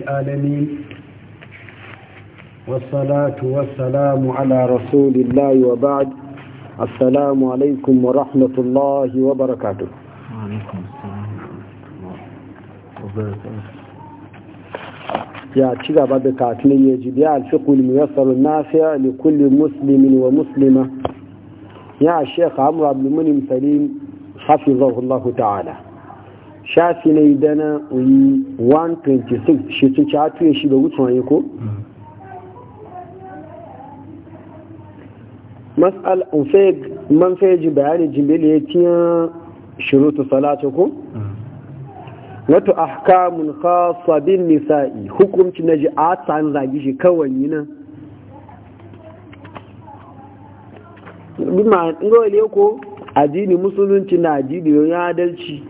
العالمين والصلاة والسلام على رسول الله وبعد السلام عليكم ورحمة الله وبركاته وعليكم السلام يا تشيغا بعد كاتني يجب الفقه الميسر النافع لكل مسلم ومسلمة يا الشيخ عمرو عبد المنعم سليم حفظه الله تعالى shafi na dana uyi 126 shi tun catu ya shiga wucin wani ko? mas'al man fai ji bayani jimbele ya tiya shirutu salata ko? wato ahkamun khasa bin nisa'i hukumci na ji a tsan zagi shi kawai yi nan bi ma'an ko addini musulunci na addini yau ya adalci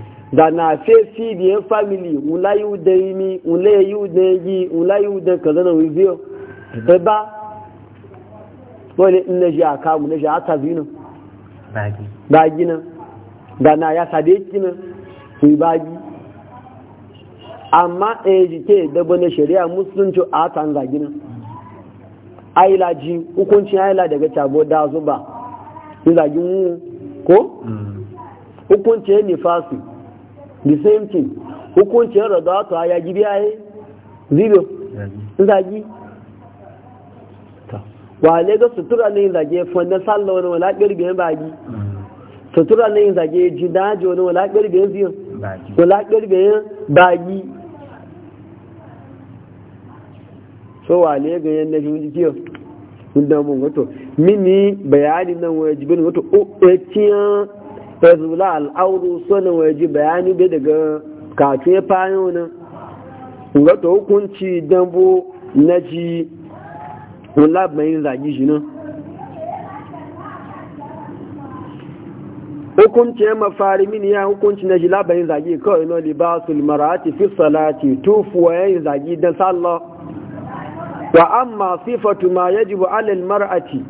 da na fe fi biye family yi ude imi wula yi kaza na wibiyo ọ e ba wani ji a kamu na ji a da na ya sade ki nan amma a ji ke dabo na shari'a musulunci a tan zagi nan aila ji hukuncin aila daga tabo da zuba zagin ko hukuncin mm. e the same thing hukuncin rada to ya gibi yayi zero zagi wa ne ga sutura ne zage fanda sallah wani wala kirbiyan bagi sutura ne zage ji daji wani wala kirbiyan ziyo wala kirbiyan bagi so wa ne ga yan nafi wani kiyo inda mun wato mini bayani nan wajibin wato o oh, etiyan eh, fazula al'auru sanin waje bayani bai daga kafin fayon nan ga ta hukunci dambo na ji labarin zagi shi nan hukunci ya mafari mini ya hukunci na ji labarin zagi kawai na libasul marati fi salati tufuwa yayin zagi don sallah wa amma sifatu ma yajibu alal mar'ati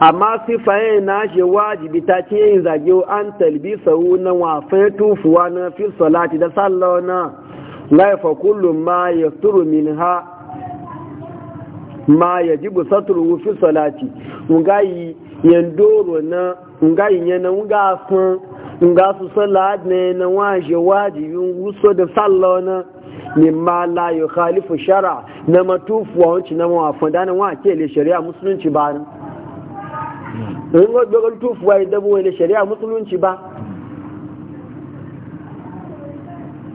amma sifaye na shi wajibi ta ce yin zage an talbi sau na wafin tufuwa na fi salati da sallah na laifa kullum ma ya turu min ha ma ya ji busaturu fi salati ngayi doro na ngayi yana nga fun nga su salat ne na waje wajibi wuso da sallah na ma la yukhalifu shara na matufuwa wancin na mawafin da na wa ke le shari'a musulunci ba in wajen tufuwa ya dabo wani shari'a musulunci ba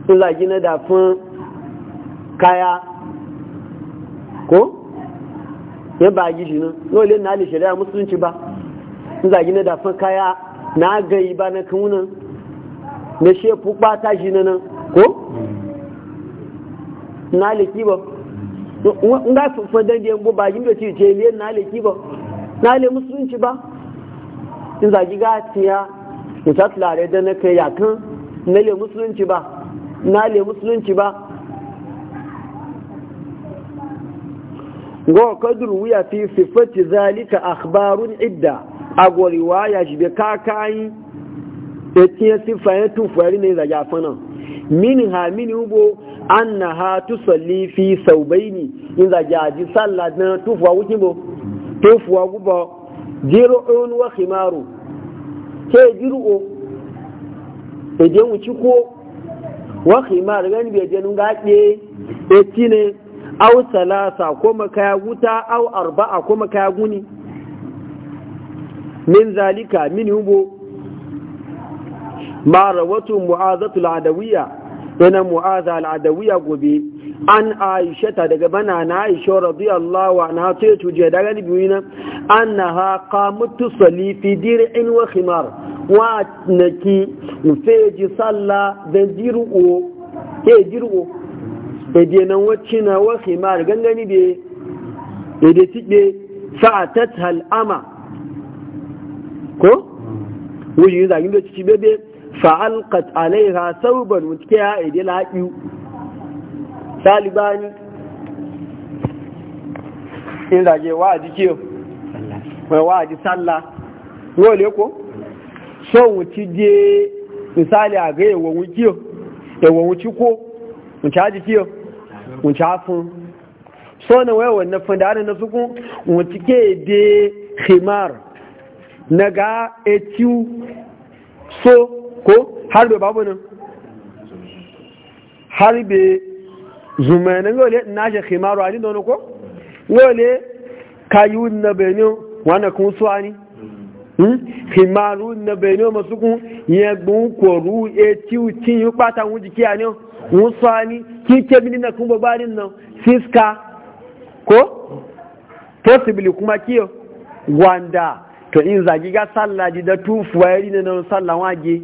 in zagi na dafin kaya ko ya ba gishi nan nolin na ne shari'a musulunci ba in zagi na dafin kaya na gayi ba na kunan na shefu bata shi nan ko na ali ba in ga fufuwa dandiyan gubagin da ce ce liyan na ali ba? na le musulunci ba in zagi ga tiya da ta tulare da na kai yakan na le musulunci ba na le musulunci ba go kadur wuya fi sifati zalika akhbarun idda a go riwaya shi be kakai ya e tiya sifa ya tufari ne zagi afana min ha min ubo annaha tusalli fi saubaini in zagi aji sallah na fa wukin bo fa gubo jiru'un wa khimaru ke jiru'u e je ko. ciko wa khimar gani be je nun gaɗe e tine aw salasa ko makaya guta aw arba'a ko makaya guni min zalika min hubo ma rawatu mu'azatu al-adawiyya ina mu'aza al-adawiyya gobe an aishata daga bana na aisha radiyallahu anha ta tuje daga biyu na ha qamat tusalli fi dir'in wa khimar wa ki feji salla da diru'o ke diru'o da e denan wacce na wa khimar gangani be e da tibe fa'atat hal ama ko wuyi zagin da ci bebe fa'alqat alaiha sauban ya idil e haqiu talibani in rage wa'adi ke mai wa'adi sallah wole ko so ti je misali a ga ki wuki yawon wuci ko wuci haji ke a fun? so na wayawar na fundarin na suku wuci ke de khimar na ga etiu so ko harbe babu nan harbe zumene ngole na je khimaru ani dono ko ngole na benyo wana kun suani hmm khimaru na benyo koru yu pata jiki ani suani ki kebini na kun gbarin na ko possibly kuma kiyo wanda to in zagi ga da ne na waje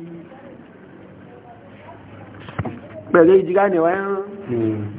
hmm.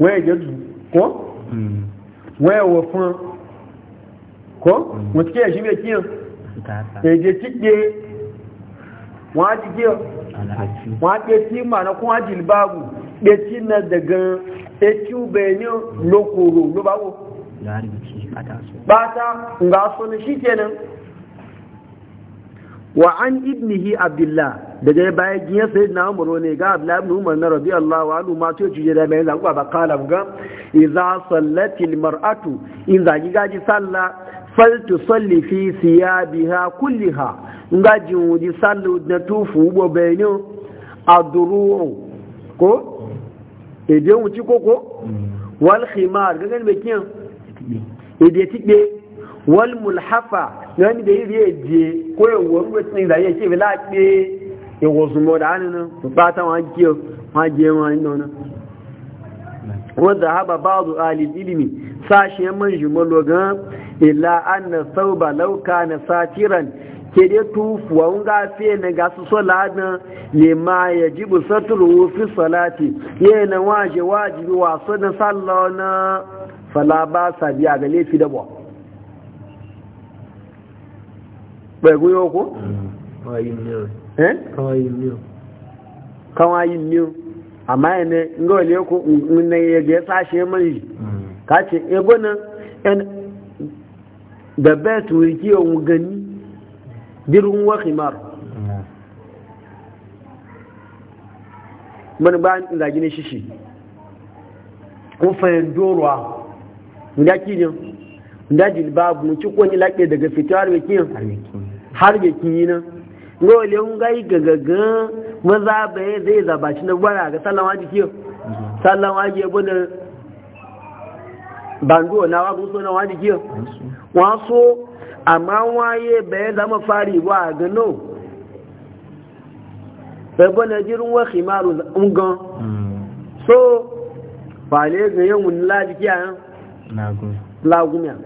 wọ́n hmm. hmm. eh, je dù kọ́ wọ́n ẹ̀wọ̀ fún kọ́ wọ́n ti kí ẹ̀ṣí méjì yàn èdè tí pé wọ́n á ti kí wọ́n á pé tí màá kún á jìlì báàbù pé tí na dẹ̀gan etí ubẹ̀ ní lókòrò ló bá wò bátá nga sọ ní ṣí kenan wa an ibnihi abdullah daga bayan giyar sai na umaru ne ga abu labin umar na rabi Allah wa alu ma to cije da bayan zakuwa ba kala ga iza sallatil mar'atu in zagi gaji salla faltu salli fi siya siyabiha kulliha in gaji wuji sallu na tufu ubo bayanin aduru ko ede wuci koko wal khimar ga gani bekin ede tikbe wal mulhafa gani da yi je ko yawon ruwa tsin da yake bi laƙe ìwòsùn mọ̀dá nínú pátá wọn jẹ́ wọn jẹ́ wọn nínú náà wọ́n zahaba báàdù alìdílìmì sáṣẹ́ mọ́jì mọ́lọ̀gán ìlà anna sauba lauka na satiran kede tufuwa nga fiye na gasu solana ne ji busaturu fi salati mm. yi na waje na da ba Eh? kawayin miyo amma yana ga wale ku ne ya sashe mai mm. ka ce ego nan yan da bet wiki yawon gani birnin wakimar mani mm. ba zagi ne shishi ko fayin doruwa da kinin da jilbabu ci kwanye laƙe daga fitowar wikin har wikin yi nan role ngai gagaga maza bai zai zaba shi na gwara ga sallan waje kiyo sallan waje ya bude bango na wa buso na waje kiyo wasu amma waye bai zama fari wa ga no bai bude jirin wa khimaru ungan mm. so ba le ga yawun laji kiyan lagumiya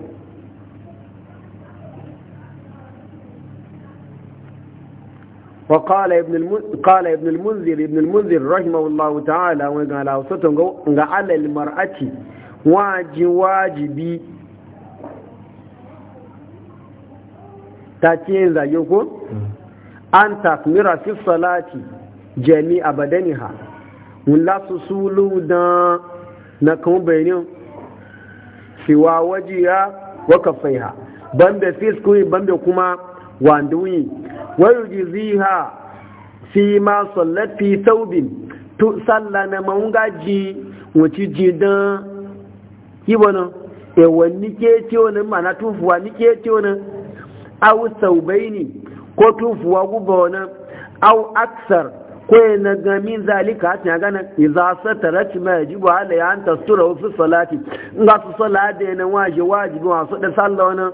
وقال ابن المنذر قال ابن المنذر ابن المنذر رحمه الله تعالى وقال وسطن على المرأة واجب واجبي تاتين زيكم an takmira fi salati jami abadaniha wula su sulu da na kan bayanin siwa wajiya wa kafaiha banda fiskuri banda kuma wanduyi ويجزيها فيما صلت في ثوب تصلى مونغاجي وتجدا يبونا ewa nike ce wani mana tufuwa nike ce wani au saubaini ko tufuwa guba wani au aksar ko na gamin zalika ta gana idza satara ma yajibu alayhi an tastura fi salati in ga su salati ne wajibi wajibi wa su da sallah wannan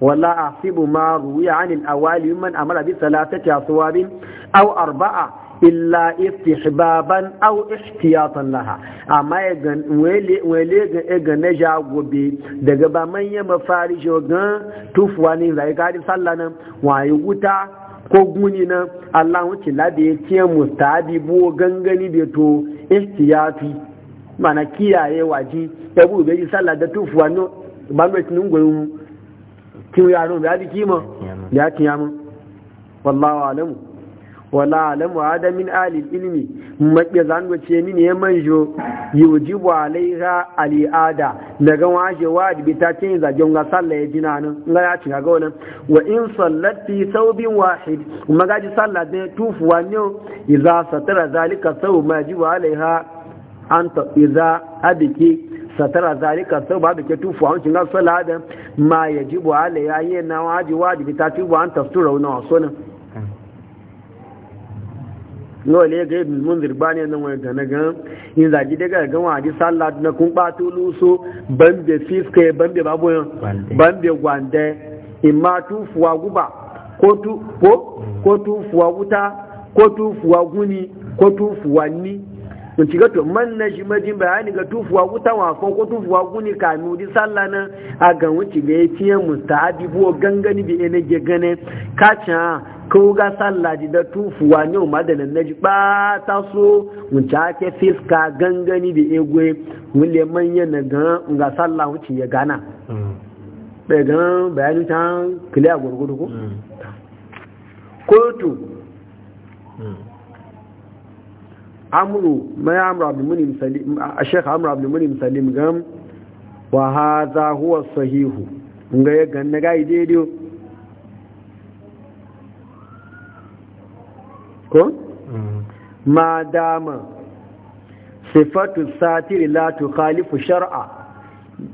wala asibu ma ruwiya anil awali man amara bi salatati aswabin aw arba'a illa istihbaban aw ihtiyatan laha amma wele wele ga na jagobe daga ba manya mafari jogan tufuwa ne zai gadi sallah nan wuta ko guni na? Allah wuce labe ya ce mustabi bo gangani da to ihtiyati mana kiyaye waji yabu bai sallah da tufuwa no ba mai kin yaro ya ji kima ya kiyama wallahu alamu wala alamu hada min alil ilmi makke zan wace min ya manjo yujibu alaiha aliada daga waje wajibi ta cin zagen ga salla ya jina nan ga ya cin ga wannan wa in sallati saubin wahid kuma gaji salla da tufuwa ne iza satara zalika sau ma jibu alaiha anta iza abiki satara zalika sau ba da ke tufu a hancin gasu ladan ma ya ji yi na waji wajibi ta tubu an wani wasu nan nawa ne ga ibn munzir ba ne nan wani gane in zagi daga gan waji sallah na kun ɓato luso bambe fiska bambe babu bambe gwande in ma guba ko wuta ko guni ko tufuwa ni kun ci gato man na shi majin bayani ga tufuwa wuta wafon ko tufuwa guni ka wuri sallah nan a ga wuci ga ya mustahabi bo gangani bi ene ge gane kacha ko ga sallah di da tufuwa ne ma da nan naji ba ta so mun ta ke fiska gangani bi egwe mun wule manyan na ga ga sallah wuci ya gana mm. be ga bayani ta kliya gurgudu ko mm. kotu mm. amuru mai amru abdulmuni salim a shekh amru abdulmuni salim gam wa ha hadha huwa sahihu nga ya na ga daidai ko mm-hmm. ma dama sifatu satiri la khalifu shar'a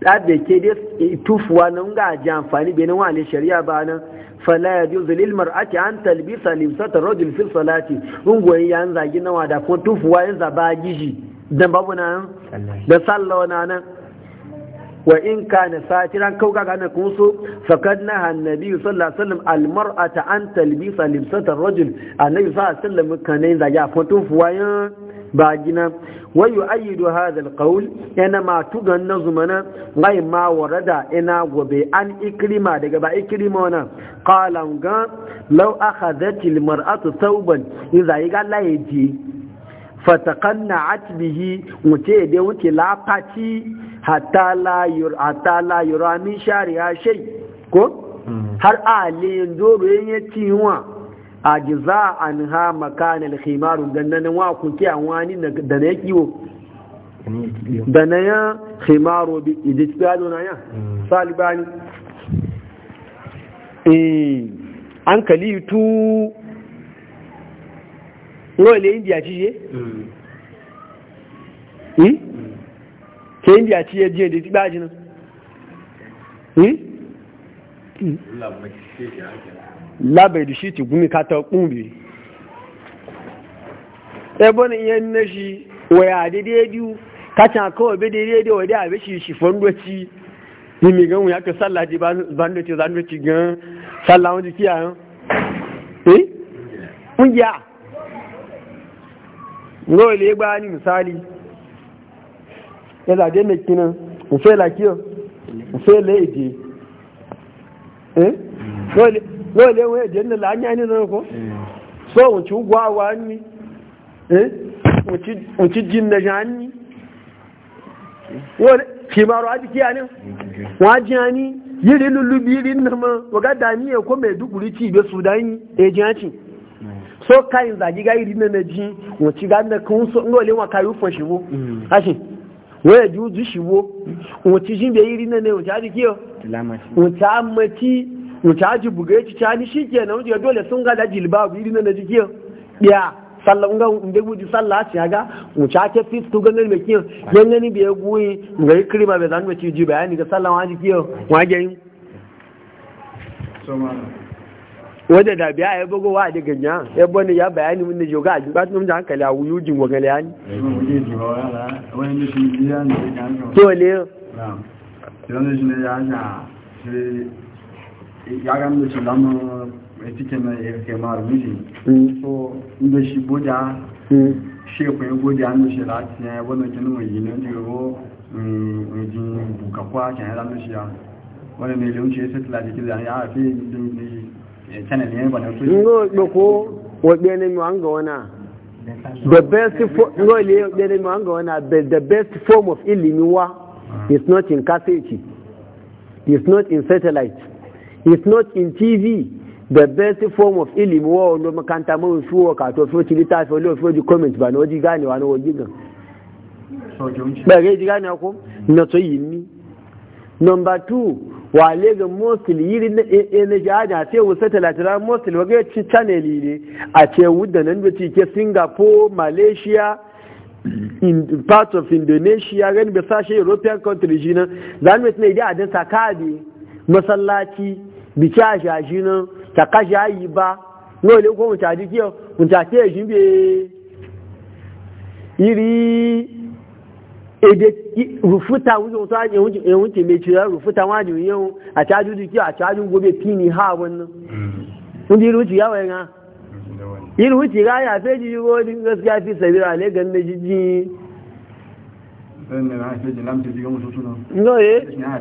ɗaɗe ke dai tufuwa nan ga ji amfani benin wani shari'a ba nan fala yajuzu lil mar'ati an talbisa limsata rajul fi salati ungoyi yan zagi nawa da ko tufuwa yan zaba gishi dan babu nan da sallah na nan wa in kana satiran kauka kana kunso fakad na annabi sallallahu alaihi wasallam almar'ata an talbisa limsata rajul annabi sallallahu alaihi wasallam kanai zagi a ko tufuwa yan ba gina wayu ayyidu hadha alqawl yana ma tugan na zumana ngai ma warada ina gobe an ikrima daga ba ikrima wana qala ga law akhadhat almar'atu thawban idza yiga laiji fataqanna'at bihi wuce da wuce lafati hatta la yur hatta la yurani shari'a shay ko har a le yin yatiwa ajiza an ha makanin khimaru gannanin wa ku an wani da na kiwo da na ya khimaru bi iditiyado na ya mm. salibani eh an kalitu wole india ci je eh ke india ci je je ditibaji na eh labai da shi ti gumi ka ta kumbi ebe ne yan na shi waya daidai biyu ka can kawai bai daidai da shi shi gan wuya ka sallah ji bandoci zandoci gan sallah wani kiya yan eh kungiya ngawai le gba ni misali ya zade mai kinan ufe lakiyo ufe le wọ́n lé wọ́n èdè nílẹ̀ anyá ní lọ́rọ̀ kọ́ so wọ́n ti gbọ́ àwọ̀ ánì wọ́n ti jí nẹ̀ṣẹ̀ ánì wọ́n kìbàrọ̀ àdìkí àní wọ́n á jí àní yìí lulu bí rí nàmọ́ wọ́n ní ẹ̀kọ́ mẹ́ẹ̀dúkùrí tí ìgbé sudan èjì àti so káyìn zàgígá yìí rí jí wọ́n ti gá so wọ́n lé wọn káyọ̀ fọ̀ ṣìwó wọ́n ẹ̀dí ojú ṣìwó wọ́n ti jí bẹ́ẹ̀ yìí tí mutaji buga ci cani shi ke nan wuce dole sun gada jilbabu iri na jikin ɗaya sallan ga inda guji sallah ci haga muta ke to ganin mai kiyo yan gani biye guyi ga krima bai zanu ci ji bayani ga sallan wa ji kiyo wa wanda da biya ya bugo wa daga ganya ya bani ya bayani mun ne joga ji ba tun da hankali a wuyu jin wa gale yani to ne ya ya da shi lamu mai cikin na ya mara miji hmm. so inda shi boda hmm. shefu ya gode an da shi lati ya yabo na kinu mai gina ji gabo mai hmm, jin bukakwa kan yana da shi ya wani mai lunci ya sitila da kiza ya hafi da channel ne ba na ngo doko wabe ne mu the best ngo le ne mu an the best form of ilimi wa ah. is not in cassette is not in satellite is not in tv the best form of ilimi wa wani makanta mai fi wa kato fi wacce ta fi wani fi comment ba na waje ganewa na waje gan ba ga ji ganewa ko na so yi ni number two wale ga mosul yiri na e, e, na jihada sai wusa talatira mosul waga ci channel ne a ce wudda nan da ke singapore malaysia in part of indonesia gani bai sashe european country shi nan zanen mai tunai da adin sakadi masallaci bìkí àṣàṣì náà kàkàṣà yìí bá ní olè kó mùtà àti kí ọ mùtà àti èjì ń bè yìí èdè rùfúta wíwọ́n tó àjẹ́ ẹ̀hún tèmi tí ó rùfúta wọ́n àjẹ́ òun yẹ́hún a àjọ kí àti a gbogbo pí ní ha wọn náà wọ́n ti rúti yàwó ẹ̀hán yìí rúti ráyà fẹ́ẹ́ di yi ní gaskiya fi sẹ̀bíra lẹ́gàn méjì jíjìn lóye na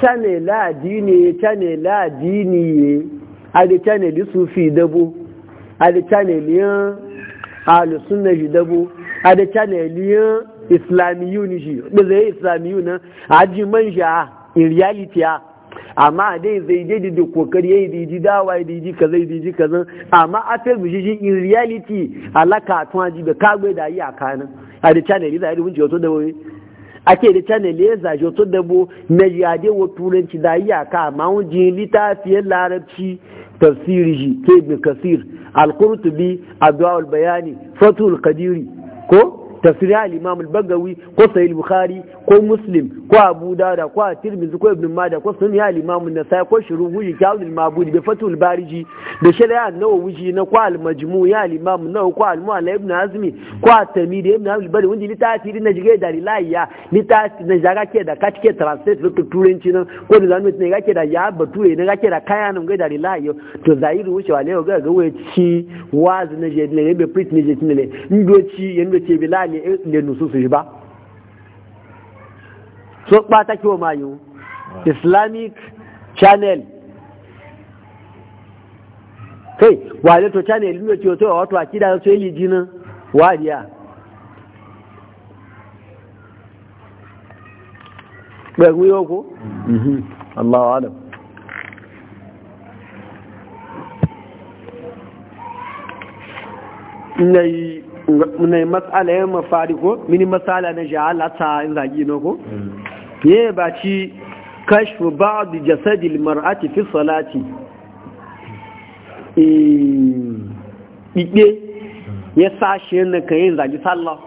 channel adini channel dini ye adi channel sufi dabo adi channel yan alusunna ji dabo adi channel yan islamiyu ni ji ɗazaye islamiyu na aji manja in reality ah amma dai zai je da kokari yayi da ji dawa da ji kaza da ji kaza amma a fe mu ji in reality alaka tun aji be kagbe da yi akana a da channel da yi mun jiyo to da wai ake da channel ya zaje to da bo na yade wo turanci da yi aka amma mun ji litafiye larabci tafsiri shi ke bi kasir al-qurtubi adwa al-bayani fatul qadiri ko tafsiri al-imam al-bagawi ko sahih bukhari ko muslim ko abu dada ko tirmidhi ko ibn majah ko sunan ya al-imam an-nasai ko shuruhi kawul al-mabudi bi fatul bariji da shari'a nawawi na ko al-majmu ya al-imam nawawi ko al-mu'alla ibn azmi ko at-tamidi ibn abd al-bari wanda ni tasiri na jige da lilaiya ni tasiri na jaga ke da katike translate lokacin turanci nan ko da zamu ne gake ya bature kaya nan ga da lilaiya ce bilal Eh, le nususu ba so ɓata kiwo mayu ah. islamic channel kai wale to channel ne to wato akida so mhm. alam ne matsala ya mafari ko mini matsala na jahala ta zagi na ko hmm. ya ba ci kashfu ba'd jasad almar'ati fi salati eh ya sashe na yin zagi sallah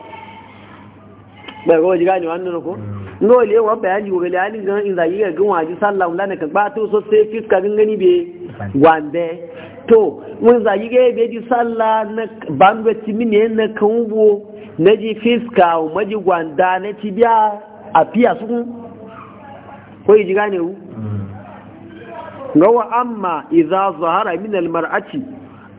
ba ga ji gani wannan ko hmm. N'o le wa bayani wa bayani ga in zagi ga gan ji sallah wala na ka ba to so sai fiska gangani be hmm. gwande to mun zagi ga yabe ji sallah na bangwaci mine na kanwo na ji fiska maji gwanda na ti biya a fiya su ko yi ji gane wu mm. ga wa amma idza zahara min al mar'ati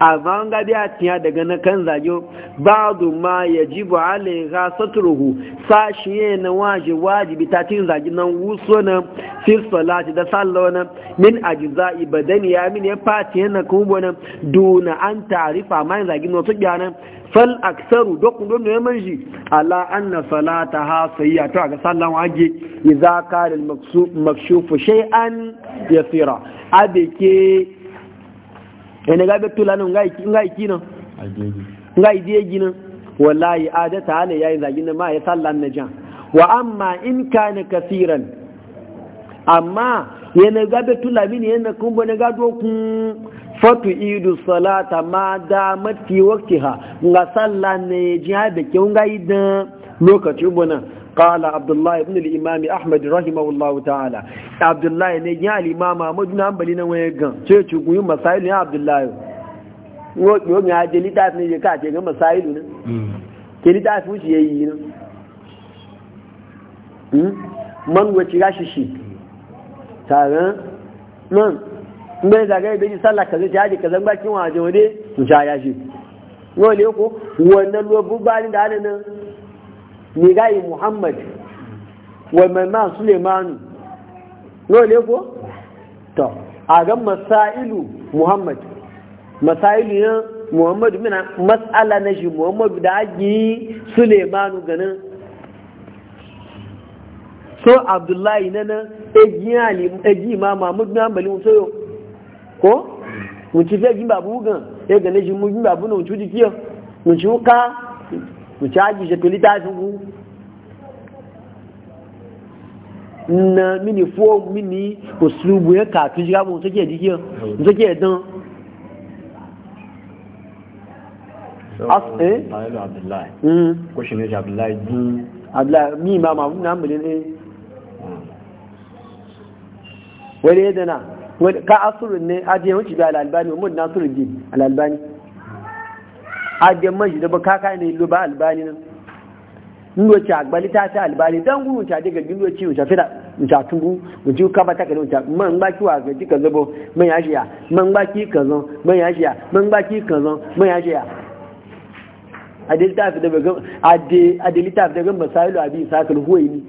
amma an gabi a tiya daga na kan zage du ma ya ji yajibu hu? Sa sashi ne na waje wajibi ta cin zage nan wuso na fi salati da sallo na min da ni ya min ya fati yana kuma na duna an ta'rifa ma zage no wasu gyanan fal aksaru dokun don ne manji ala anna salata ha sayya to ga sallan waje idza kana al makshufu shay'an yasira ke. ene ga betu lanu ngai ngai kino ngai die gina wallahi adata ala yayi zagin ma ya sallan na jan wa amma in kana kasiran amma yana ga betu lamini yana kun bane ga fatu idu salata ma da mati waktiha nga sallan ne jiha da ke ngai da lokacin bunan kala abdullahi ibn al’imami ahmad rahimahullahu ta’ala abdullahi ne yi alimama amadu na hambali na wani gan ce cikin yi masailu ya abdullahi yi a jini ta fi ka ce ga masailu ne jini ta wuce ya yi yi man wace ya shishi tare man ɗan zagar da yi sallah ka zai yaji ka zan bakin wajen wani ya shi wani ko wannan lobu bani da hannun mai gayi muhammad wa mai ma suleimanu lole ko? to a ga masailu muhammad masailu yan muhammadu mina matsala na shi muhammadu da agi suleimanu ganin so abdullahi na nan egi ma mahmud na bali musoyo ko? mun ci fi egi babu gan ya gane shi mun babu na mun ci jikiya mun ci wuka ku caji shi tuli ta fi ku na mini fo mini osulubu ya kafin shiga mu suke jikin suke dan abdullahi ko mm. ne abdullahi dun abdullahi mi ma ma na eh. mm. ne wani yadda hadde man da ba kayan da lo ba albani nan ndo ci agbali ta ta albani don gudun ta daga gindo ci ta fida ta tubu mu ji ka ba ta ta man ba wa ga ji ka zabo man ya shiya man ba ki ka zo man ya shiya man ba ki ka zo man ya shiya adilta fi ade adilta fi da ga masailu abi sakal huwaini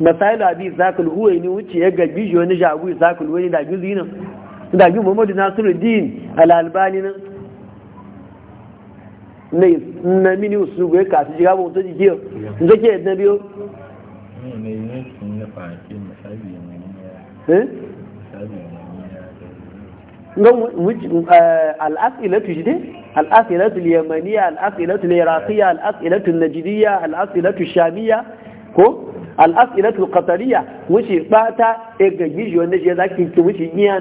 masailu abi sakal huwaini wuce ya ga bijo ni jagu sakal huwaini da gizi nan da gizo Muhammadu nasiru din al'albani nan na mini usugu ya kasu shiga ba mutu jiki yau in zake yadda biyo al'asilatu shi dai al'asilatu yamaniya al'asilatu iraqiyya al'asilatu najidiyya al'asilatu shamiyya ko al'asilatu qatariya wuce bata e gaggi wanda shi zaki ki wuce giya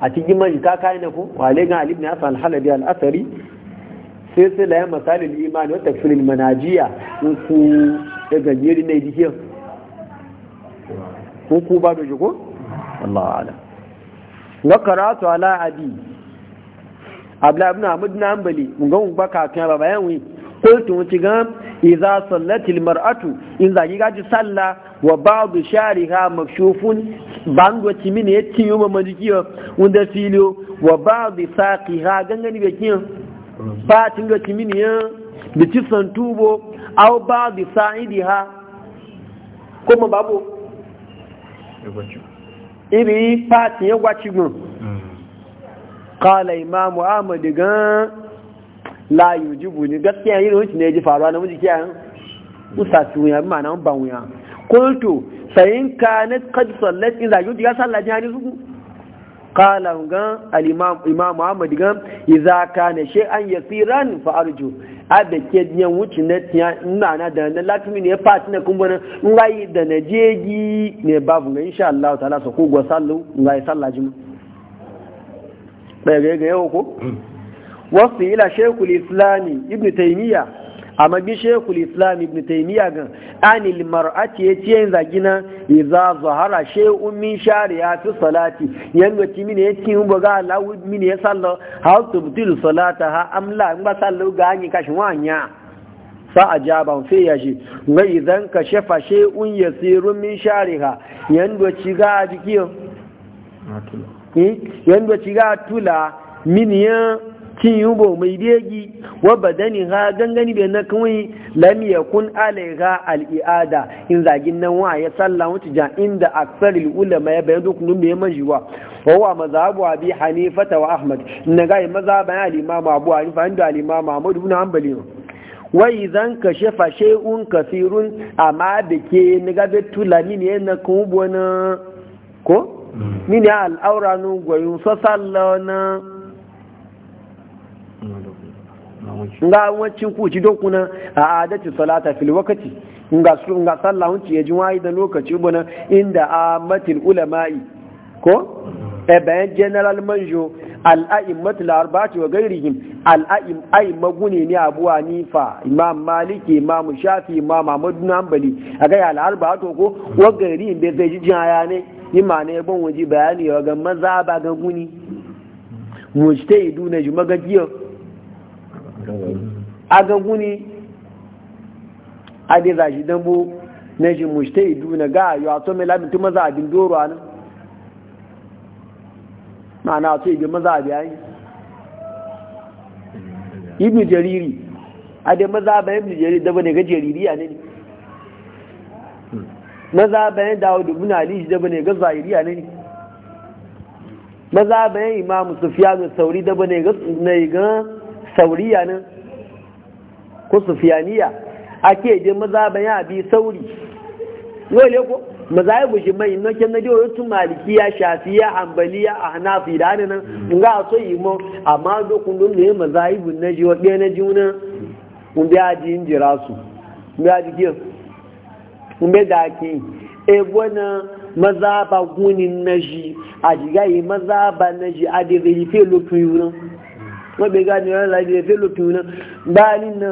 a cikin majita kai na ko wale ga alibni asal halabi al-asari sai sai layan masalin imani wata filin manajiya ku da gajeri na idike ko ku ba da shigo? Allah ala na karatu ala abi abla ibn amudu na ambali mun ga mun baka kan ba bayan wi qultu mun tiga idza sallatil mar'atu in zagi gaji salla wa mafshofun shariha makshufun ya ciyo ma majikiyar unda filio wa saƙi ha gangani bekiyar ba cin ga kiminiyan da ci tubo, au ba bi sa'idi ha kuma babu iri fatin ya gwaci gun kala imamu ahmad gan la yujibu ni gaskiya yin wuce na ji faruwa na wuce miji kiyayen usati wuya ma'ana ban wuya kultu sayin kanat qad sallat in zagu diga sallaji hadisu qala gan al-imam imam muhammad gan idza kana shay'an yasiran fa arju abe ke nyan wuce na tiya ina na da na latimi ne part na kun bana ngai da na jeji ne babu ga insha Allah ta'ala so ko go sallu ngai sallaji mu mm. bai ga ga yau ko wasu ila shaykhul islam ibn taymiya amma bi shekul islam ibn taymiya gan anil mar'ati yace yanzu zagina iza zahara shay'un min shari'a fi salati yanga ti mine yace mun baga lawu mine ya sallo how to butil salata ha amla in ba sallo ga ni kashin wanya fa ajaba fi yaji shi idan ka shafa shay'un yasirun min shari'a yanda ci ga jikiyo eh, yanda ci ga tula miniyan cin yi bo mai begi wa badani ha gangani bai na kawai lam yakun alaiha al'iada in zagin nan wa ya salla wuce ja inda aksaril ulama ya bayan dukkan mai majiwa wa wa mazhabu abi ta wa ahmad in ga mazhaban al-imam abu hanifa inda al-imam ahmad ibn hanbali wai zan ka shefa shay'un kasirun amma da ke ni ga betu lamin na kan bona ko mini mm. al-auranu goyun sasalla na ga wancin ku ci dokuna a adati salata fil wakati ga su ga sallah ya da lokaci buna inda amatil ulama'i ko e bayan general manjo al'a'immat al-arba'ati wa ghairihim al'a'im ay maguni ne Abu Fa Imam Maliki Imam Shafi Imam Ahmad bin Hanbali aga al-arba'atu ko wa ghairihim da zai jin aya ne ma ne ban waji bayani ga maza ba ga guni mujtahidu na juma'a agaguni ade za shi dambo na shi mushta idu na ga yau a so mai labin tuma za a bin doro a nan ma'ana a idu ibi maza a biyayi ibn jariri ade maza bayan ibn jariri daba ne ga jariri a ne maza bayan dawo dubuna ali shi daba ne ga zahiri a ne maza bayan imamu sufiya mai sauri daba ne ga sauriya nan ko sufiyaniya ake je maza ya bi sauri wale ko maza ya gushi mai na kyan nadi wani tun malikiya shafiya ambaliya ahnafi da nan mm. nan ga so yi mu amma dokun don ne maza ibn na ji wa ɗaya na ji wuna mun bi aji injira su mun biya ji kiyan mun biya da ki e gona maza ba gunin na ji a jigayi maza ba na ji a zai fi lokacin yi wurin wọ́n bẹ gáàdì ọ̀rọ̀ láti ẹ̀fẹ́ lópin bá nínú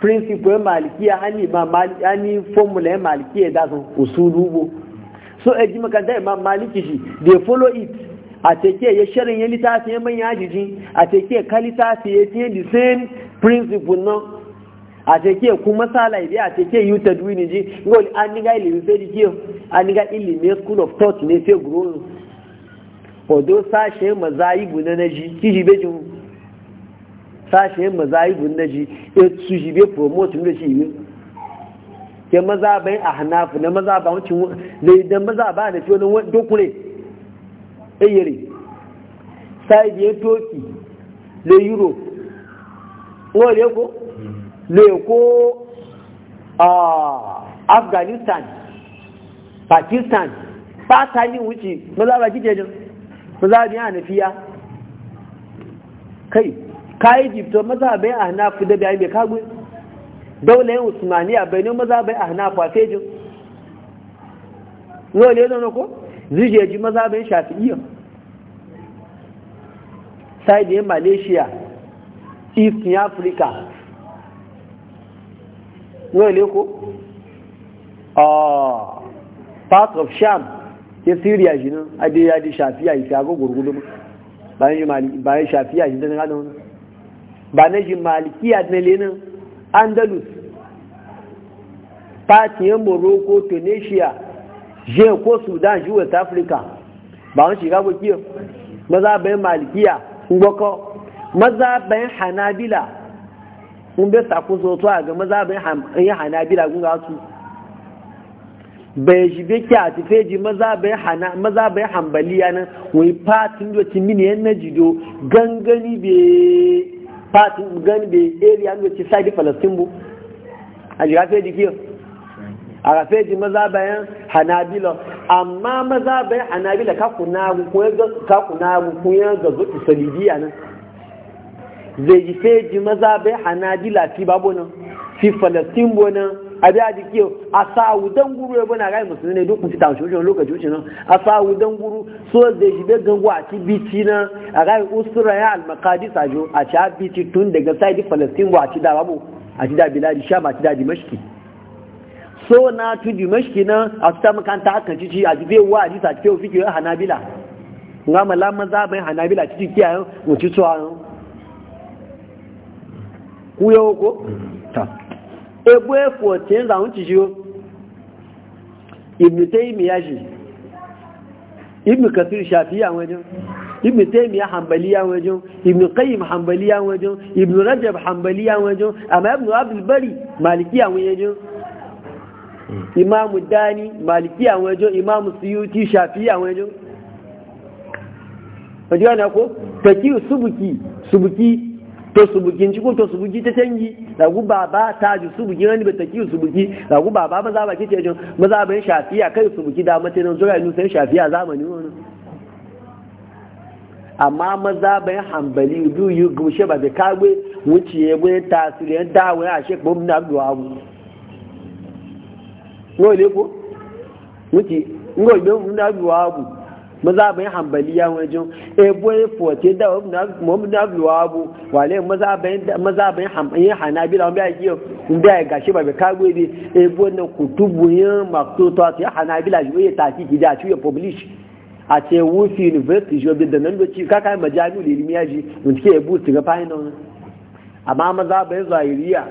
principle maliki a hannu ma a ní formula maliki ya dasa usulu bo so ẹjí makanta imam maliki shi they follow it a ya shirin ya littafi ya manya ajiji a teke ka littafi ya tiye the same principle nan a teke kuma sala ibi a yi ta duwini ji an ilimi an ilimi of ne sai guronu odo sashe na sashe mazahibin na shi su shi bai promote da shi yi ke maza bai a hannafi na maza ba wancin da don maza ba da fiye wani dokure ayyari sai biye toki le euro wọ́n lè kó ko a afghanistan pakistan ta yi wuce maza ba jíjẹ jọ maza biya na fiya kai kayi jibto maza bai a hanafu da bayan bai kagwe daula yin usmaniya bai ne maza bai a hanafu a fejin yau ne zana ko zijeji maza bai shafi iya sai da yin malaysia eastern africa yau ne ko ah, part of sham ya syria shi nan adiyadi shafiya isa ga gurgudu bayan shafiya shi da na gada wani ba na shi malikiya na lenin andalus fatiyar morocco tunisia jiya ko sudan shi west africa ba wani shiga ko kiyo mazabayin malikiya ngwakọ mazabayin hanabila un bai sakun soto a ga mazabayin hanabila gun ga su bai shi bai kya ti feji mazabayin hanbaliya nan wani fatin da mini yan na jido gangani bai fati gani bai area ne ci sadi falastin bu a jira fe di a rafe ji maza bayan hanabila amma maza bayan hanabila ka kuna ka kuna kuya ga salibiya nan zai yi fe ji maza bayan hanabila fi babu nan fi falastin bu nan a biya da kiyo a sa wudan guru ya bana gai musulmi ne duk fita shi wajen lokaci wuce nan a sa wudan guru so da shi bai gangu a ci biti na a gai usura ya almakadi jo a ci a biti tun daga saidi falastin wa a ci da babu a ci da biladi sha ma ci da dimashki so na tu dimashki nan a su ta makanta hakan cici a ci bai wa a ci sa fi fikiyar hanabila nga mala za bai hanabila cici kiyayen mu ci kuyo ko mm-hmm. ta ebo efo tin da hunci jiyo ibnu ya shi ibnu kasir shafiya wajen ibnu taymiya hanbaliya wajen ibnu qayyim hanbaliya wajen ibnu rajab hanbaliya wajen amma ibnu abdul bari malikiya wajen imamu dani malikiya wajen imamu suyuti shafiya wajen yana ko takiyu subuki subuki to subukin ci ko to subuki ta canji. lagu baba ta ji su buki wani bata kiyu su buki lagu baba maza ba kike jin maza ba shafiya kai su buki da mata nan zura nu sai shafiya zamani wani amma maza ba hambali du yu gumshe ba da kagwe wuciye bai tasirin dawo ya ashe kuma na duwa mu ngo le ko wuci ngo bin na duwa mu maza bai hambali mazabin hambaliya wajen eboye eh, fote da muhammadu abuwa abu wale maza mazabin hambaliya hanabila wani biya giyo wani biya gashi ba bai kago ebe ebo eh, na kutubu yin maktota su ya ah, hana bi hanabila shi ya tafi gida a cikin publish a ce wufi university shi obi da nan doci kaka majami'ul ilmiya shi wani ke ebu su ga fahimta wani amma mazabin zahiriya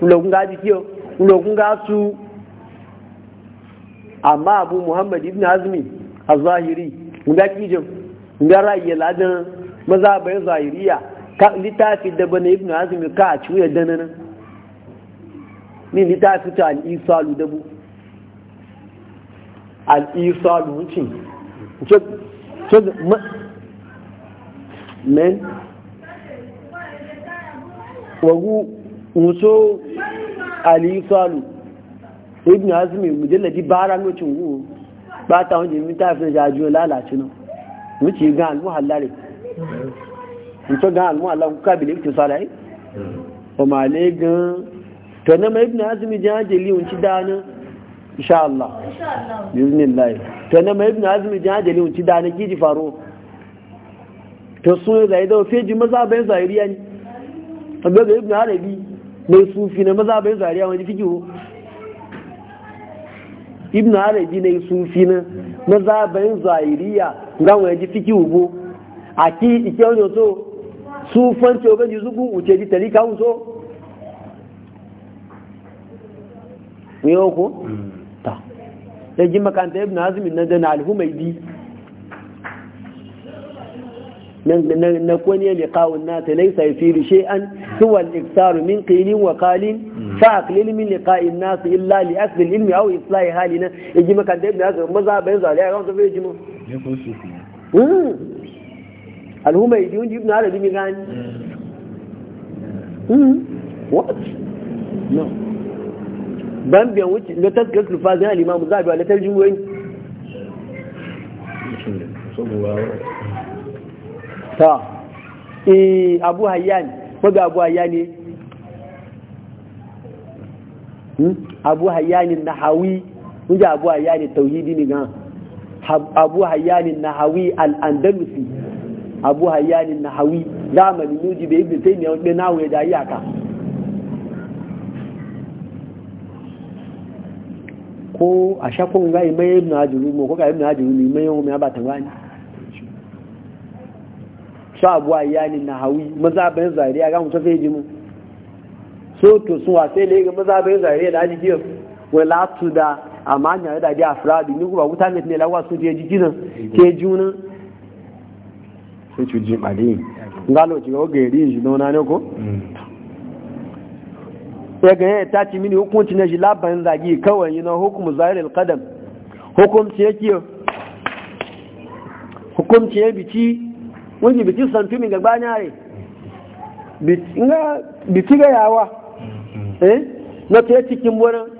ulokun ga jikiyo ulokun ga su amma abu muhammad ibn azmi a zahiri ga kijin ga ra'ayi ladan maza bai zahiriya ka littafi da bane ibn azumi ka a cuya danana ni littafi ta al-isalu dabu al-isalu ma. men wagu wuso al-isalu ibn azumi mujalladi bara nocin gugu ba ta hunji min ta fi jaju lalace nan wuce ga almu halare wuce ga almu halare kuka bi likita salai o ma le gan to na mai ibn azmi jaje li wunci dana insha Allah biiznillah to na mai ibn azmi jaje li wunci dana kiji faro to sun zai da feji maza bayan zahiriya ne abin da ibn arabi mai sufi na maza bayan zahiriya wani fikihu ibnu arabi ne sufi na na zabayin zahiriya ga wani ji fiki ubu a ki ike wani so ce ogaji zugu uce ji tarika so ne ko ta da ji makanta ibn azumi na da na alhumaidi na kwani ya liƙa'un nata laisa fi rishe an suwal iktaru min qilin wa qalin fa aqlil min liqa'i an-nas illa li asl al-ilm aw islahi halina yaji maka da ibn azar maza bayan zaliya ran to yaji mu hmm. al-humaydi ibn arabi mi gani hmm. Hmm. what no ban biyan wuce da taskar tufa zai alimamu zaɓi a latar jimurai ta abu hayyan ko da abu hayyan ne abu hayyani nahawi kunji abu hayyani tauhidi ne gan abu hayyani nahawi al-andalusi abu hayyani nahawi zamanin nuji da ibn taymiya wanda nawo ya dai aka ko a shakun ga mai ibn ajuru mu, ko ga ibn ajuru ne mai mai ba wani? sha abu hayyani nahawi maza ban zariya ga mutum ji mu so to sun wa sai lega maza bai zare da aji kiyo wai latu da amma nya da da afradi ni kuma wuta ne lawa su je jiki nan ke juna sai ci ji mali ngalo ci ga gari shi dona ne ko sai mm. e, ga e, ta ci mini hukunci na jilaban zagi kawai yana hukumu zahiril qadam hukunci yake hukunci ya bici wani bici santumin gagbanya ne bici ga yawa eh na to cikin wani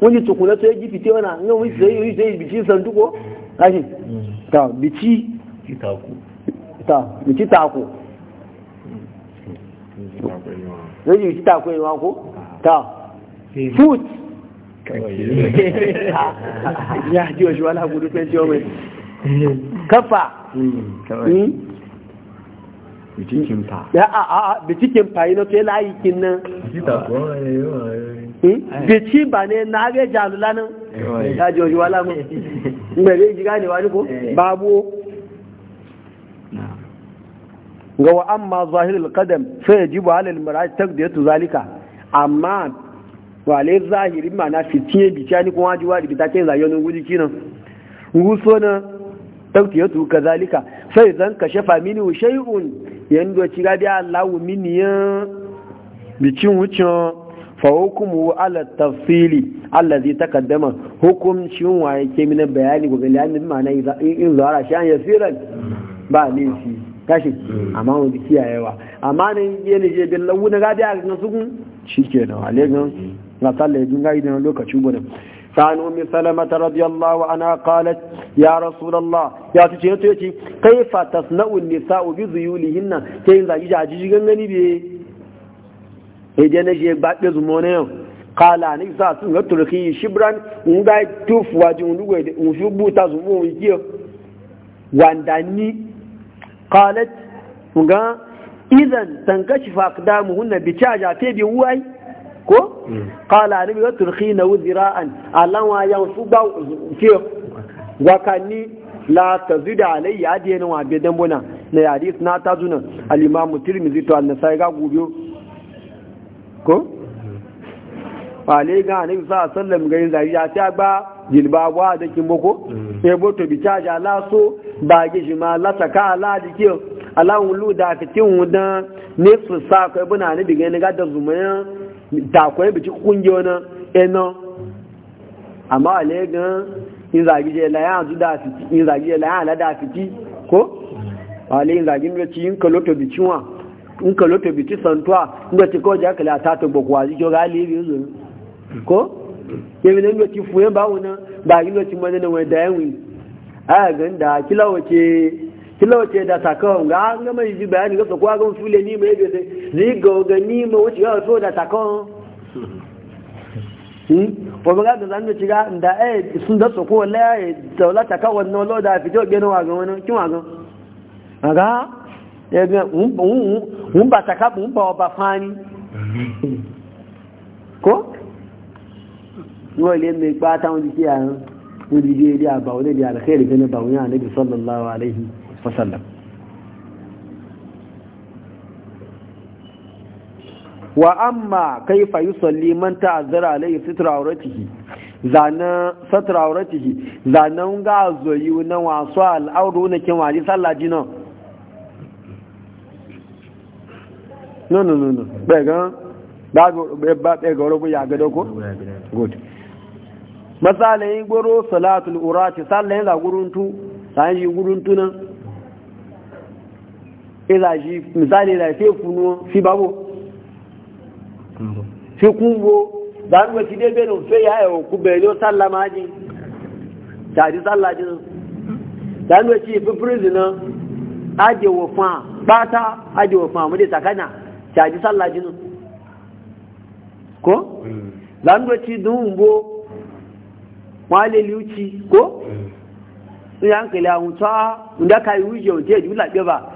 wani tukuna to gifi wana wani zai yi zai bici sanduko kashi ta bici ta bici taku, zai yi bici tako yi wako ta fut ya ji wa shi ciwo mai kafa hmm, bitikin fa ya a a bitikin fa layi kin nan eh, eh. Hmm? bici ba ne na ga jalula nan eh. ya joji wala mu mere ji gane wani ko babu ga wa amma zahir qadam fa yajibu ala al mar'at taqdiyatu zalika amma wa le zahiri ma na fitiye bici ni kuma ji wadi bitake zayo nan guji kinan nguso na taqdiyatu kazalika sai zan kashafa mini shay'un yan doci gadi allahu miniyan bicin wucin fahukumu ala tafsili allazi takaddama hukumcin waye ke mina bayani gobe lani ma'ana in zara shi an yasiran ba ne kashi amma wani kiyayewa amma ne yana je bin launa gadi a ganin sukun shi ke nan a legan na tsalle dun gari فعن أم سلمة رضي الله عنها قالت يا رسول الله يا تشي تشي كيف تصنع النساء بذيولهن كين زاجي جاجي غنغني بي ايدي نجي باكي زمونه قال ني سا سن تركي شبران ندا توف واجي ندوي وشو بوتا زمو يجي وانداني قالت نغا اذا تنكشف اقدامهن بتشاجا تبي واي ko kala mm. ni wa turkhina wuzra'an allan wa yan su ba ke wakani la tazida alayya adiyan wa don bona na hadith na tazuna al-imam tirmidhi to an sai ga gubiyo ko mm. wale ga ni sa sallam wasallam ga zari ya ta ba wa a dakin boko mm. e boto bi caja la so ba ge shi ma la taka ala ke ala lu da fitin wudan ne su sa ko e ni bi ga ni ga da zumayan ta kwaye biki kungiyo na eno amma ale legan in zagi je la zu da fiti in zagi je la ya da fiti ko ale in zagi ne in kalo to biki wa in kalo to biki santwa in da ci ko ja ta to bokwa ji jo gali bi zu ko yau ne ne ci fuye ba wuna ba yi ne ci mana ne wani da yawi a ga da kilawace kila wace da takawa ga an gama yi bayani ga sakwa ga fule ni mai zai ga ga ni ma wuce ga so da takawa ko hmm? ba ga zan ci ga da eh sun da wallahi daula lo da fito ga kin wa eh, ga ya ga mun ba mun um ba ba fani ko sallallahu alaihi wasallam wa amma kaifa yusalli man ta'azzara alayhi sitra auratihi zana satra auratihi zana ga zoyi na wasu al'auru na kin waji sallah jina no no no no be ga da go be ba be go ro ya ga doko good masalai goro salatul urati sallain la guruntu sai yi guruntu nan ìlàjì misali ìlàjì fi kùnú fi bábò fi kúnbò dáadọ́ ti dé bẹ́ẹ̀ fẹ́ yá ẹ̀ òkú bẹ̀rẹ̀ ló sálà máa jí tàbí sálà jí dáadọ́ ti fi prínsì náà ájẹ̀wò fún à pátá ájẹ̀wò fún àmúdé takana tàbí sálà jí kó dáadọ́ ti dùn bó wọ́n ko lè uchi kó ní à ń kèlè àwùjọ ìdáka ìwújẹ òjẹ́ ìdúlà ba.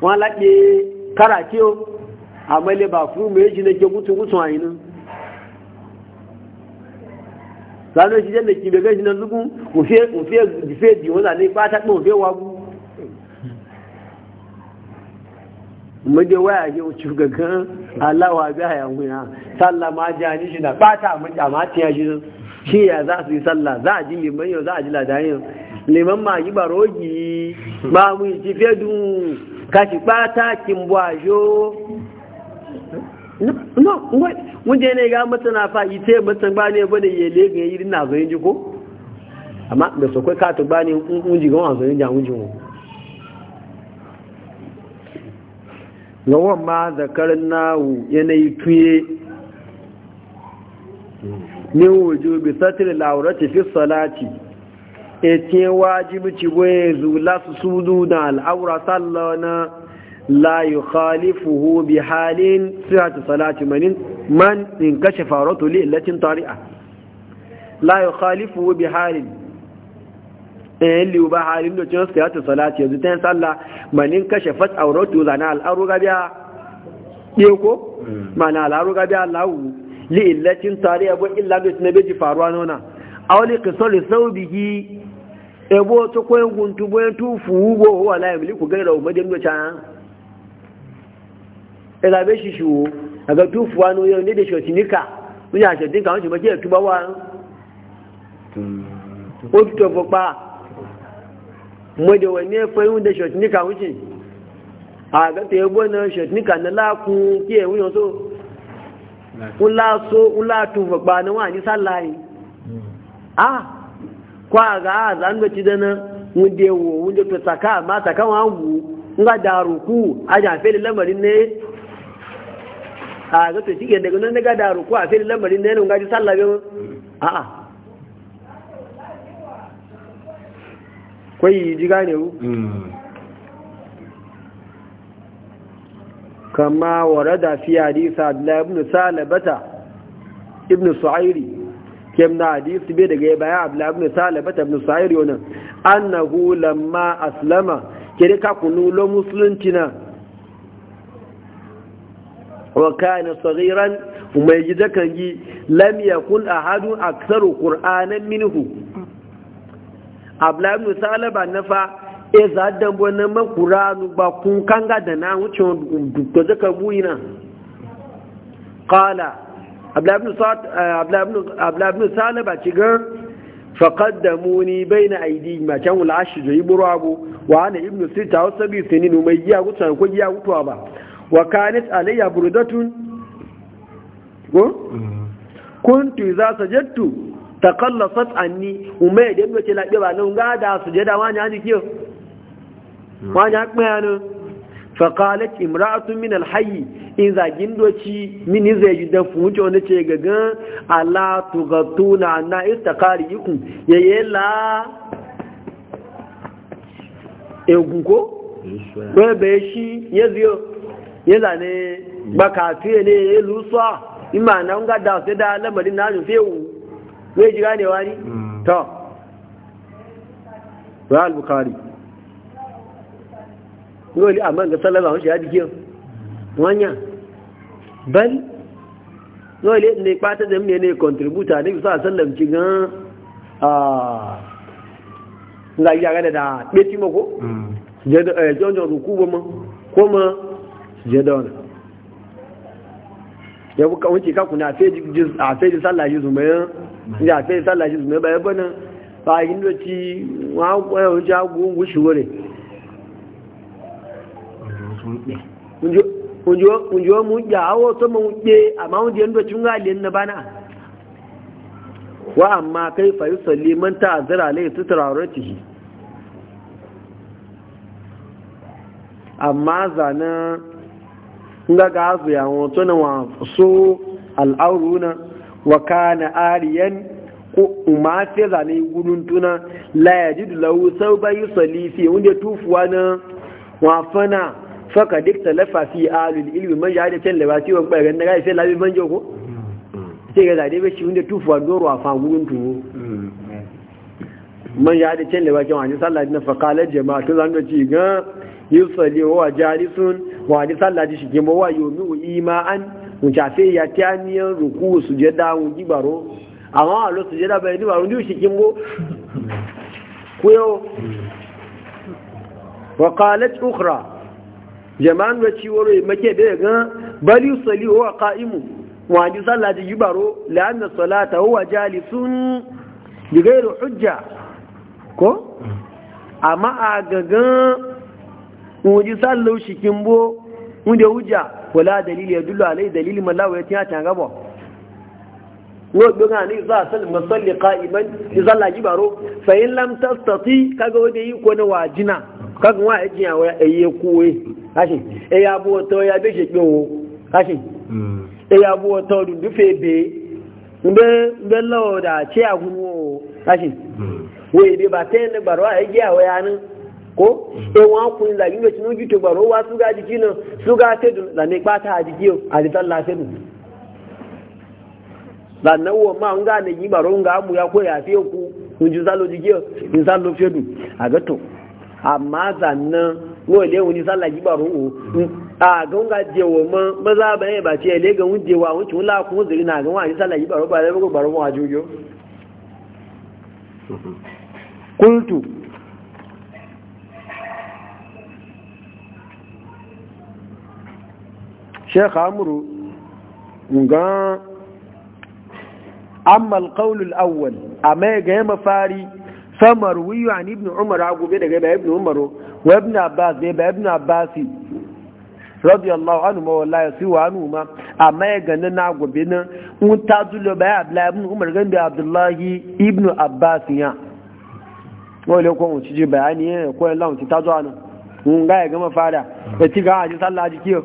wọn láti káràkí o àmọ́ ilé bà fún méjì ní jẹ́ gútùgútù àyínú lánàá ìṣiṣẹ́ lè kí ìbẹ̀gẹ́ ìṣiná lúgún òfíè dì wọ́n lànà ipá tápọ̀ òfíè wagú mọ́dé wáyà yẹ oṣù gangan aláwọ̀ abẹ́ àyàwó yà shi ya za su yi sallah za a ji za a ji ma yi ba mu yi ci kashi bata kin bwajo no mun je ne ga na fa ite mutan ba ne bane yele ga yi na zo yin ko amma da so kai ka to ba ne mun ga wanzo zo yin ja mun ji mu ma zakarin nawo yanayi tuye ne wujo bi satir laurati fi salati ete wajibci waye zula su sudu na al'aura sallana la yi hu bi halin sirata salati manin man in kashe farotu li illatin tari'a la yi hu bi halin ɗayan eh, liyu ba halin da cin sirata salati yanzu ta yi salla manin kashe fat aurotu zana al'aru gabiya ɗi ko mm. mana al'aru gabiya lawu li illatin tari'a bu illa da su na beji faruwa nuna da sau thawbihi ebo to ko en guntu bo en tu fu bo wa la yamli ku e gaira o madin do cha e la be shi shu aga tu fu anu yo ne de shi tinika mu ya se din kan se ma je tu ba wa o tu to pa mo de wa ne fe un de sho tinika wu ji aga te ebo na sho tinika na la ku ki e wu yo so un la so un la tu fo pa na wa ni sala hmm. ah kwa ga za an gaci da nan wunde wo wunde to saka ma saka wangu nga daruku ruku a ja fele lamarin ne a ah, ga to shige daga nan daga daruku ruku a fele lamarin ne nga ji sallah a ah. a kwai ji gane wu hmm. kama warada fi hadisa Abdullah ibn Salabata ibn Su'airi kem na hadisi bai daga ya bayan abla ibn salaba ta ibn sa'ir yana annahu lamma aslama kire ka kunu musulunci na wa kana saghiran mai gida kan yi lam yakun ahadun aktsaru qur'anan minhu abla ibn salaba nafa e za dan bona man qur'anu ba kun kanga da na wuce to zaka buina qala abdullabinu eh, salaba ci gan faƙaddamuni bai na aidi macen wula ashi zai buru abu wa ana ibn sita wasu sabi sinin mai giya gutuwa ko giya gutuwa ba wa kanis alayya burdatun ko kuntu za sajattu taqallasat anni umay da yadda ce laɓe ba nan ga da jada wani haji kiyo wani hakma yana faƙalat imra'atun min alhayi in zagin doci mini zai yi da fuce wani ce gagan ala tugatu na na istakari yiku ya yi la egun ko? wai bai shi ya ziyo ya zane bakatu ya ne ya yi lusuwa ima na nga da sai da lamarin na nufe wu wai ji ganewa ni? ta wa al-bukhari lórí àmọ́ ǹkan sálẹ́bà wọ́n ṣe á dìkí wọ́n yàn bẹ́ẹ̀ lórí ní ipá mú ní kọ̀ntribútà ní ìfisà sálẹ̀m ti gan ǹgá yíya rẹ̀ dáa pé tí mọ́ a mm. eh, sallaji zumayen mm. ya sallaji zumayen bayan ba a yi wa gushi unjiwa mu ja hawo to mu je amma unje ndo chunga le na bana wa amma kai fa yusalli man ta'azzara alayhi sutra auratihi amma zana nga ga azu ya won to na wa so al'auruna wa kana ariyan ko umma ce zane gudun tuna la yajidu lahu sauba yusalli fi wanda tufuwa na wa fana faka dik talafa fi alul ilmi man jahada tan lawati wa ba ran daga sai labi man joko sai ga dai be shi wanda tufuwa doro a fangun tuwo man jahada tan lawati wa ni sallah na faqala to zan ga ci ga yusali wa jalisun wa ni sallah ji shi gimo wa yumi iman mun ja sai ya taniyan ruku sujada un gibaro amma a lo sujada bai un di shi kimbo kuyo وقالت أخرى jama'an da ci woro make da ga bali sali huwa qa'imu wa ji sallah ji baro la anna salata huwa jalisun bi ghairi hujja ko amma a gaga wuji sallau shikin bo da hujja wala dalili yadullu alai dalili mallawa ya tiya tanga ba no na ni za sal masalli qa'iman izalla gibaro baro, in lam tastati kaga wode yi ko na wajina kaga wa yaji wa eye eh, kuwe e ya bo ya be shepe wo hmm. e eh, ya bo lo da che agun wo kashi hmm. we de ba ten gbaro a yaji ya hmm. wa ko e wọn kun yi mẹsinu wa suga jiki na suga tedun la o sannan wa ma nga ne yi baro nga mu ya ko ya fiye ku mun ji zalo jike in zalo fiye du a ga to amma sannan wo le wuni sallah ji baro o a ga nga je wo ma maza ba ne ba ce le ga wun je wa wun la ku zuri na ga wani sallah ji baro ba le ko baro wa jojo kultu Sheikh Amru ngan amma alƙaunul awwal amma ya yamma fari samar wiyu an ibn umar a gobe daga ba ibn umaru wa ibn abbas ba ibn abbas radiyallahu anhu ma wallahi yasi wa anhu ma amma ya na gobe nan un ta ba abdullahi ibn umar gan abdullahi ibn abbas ya ko eh, ga ya gama fara ya ci ga sallah kiyo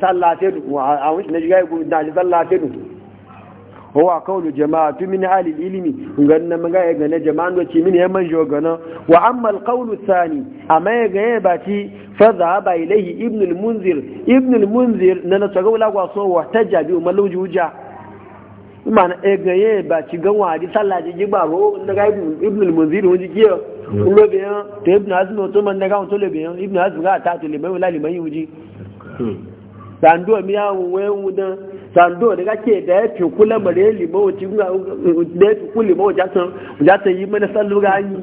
sallah a ne ji ga ya wa kaulu jama'atu min ahli ilmi ganna manga ya gane jama'an wace min ya manjo gana wa amma alqawlu thani amma ya ga fa dhahaba ilayhi la gwaso wa tajabi umaluji huja imana e ga ya ba ci gan ibn to man daga on to ibn ga ta to mi ya we sando da ke da ya fi kula mare limo da ya kula limo wuce za ta yi mana sallu gani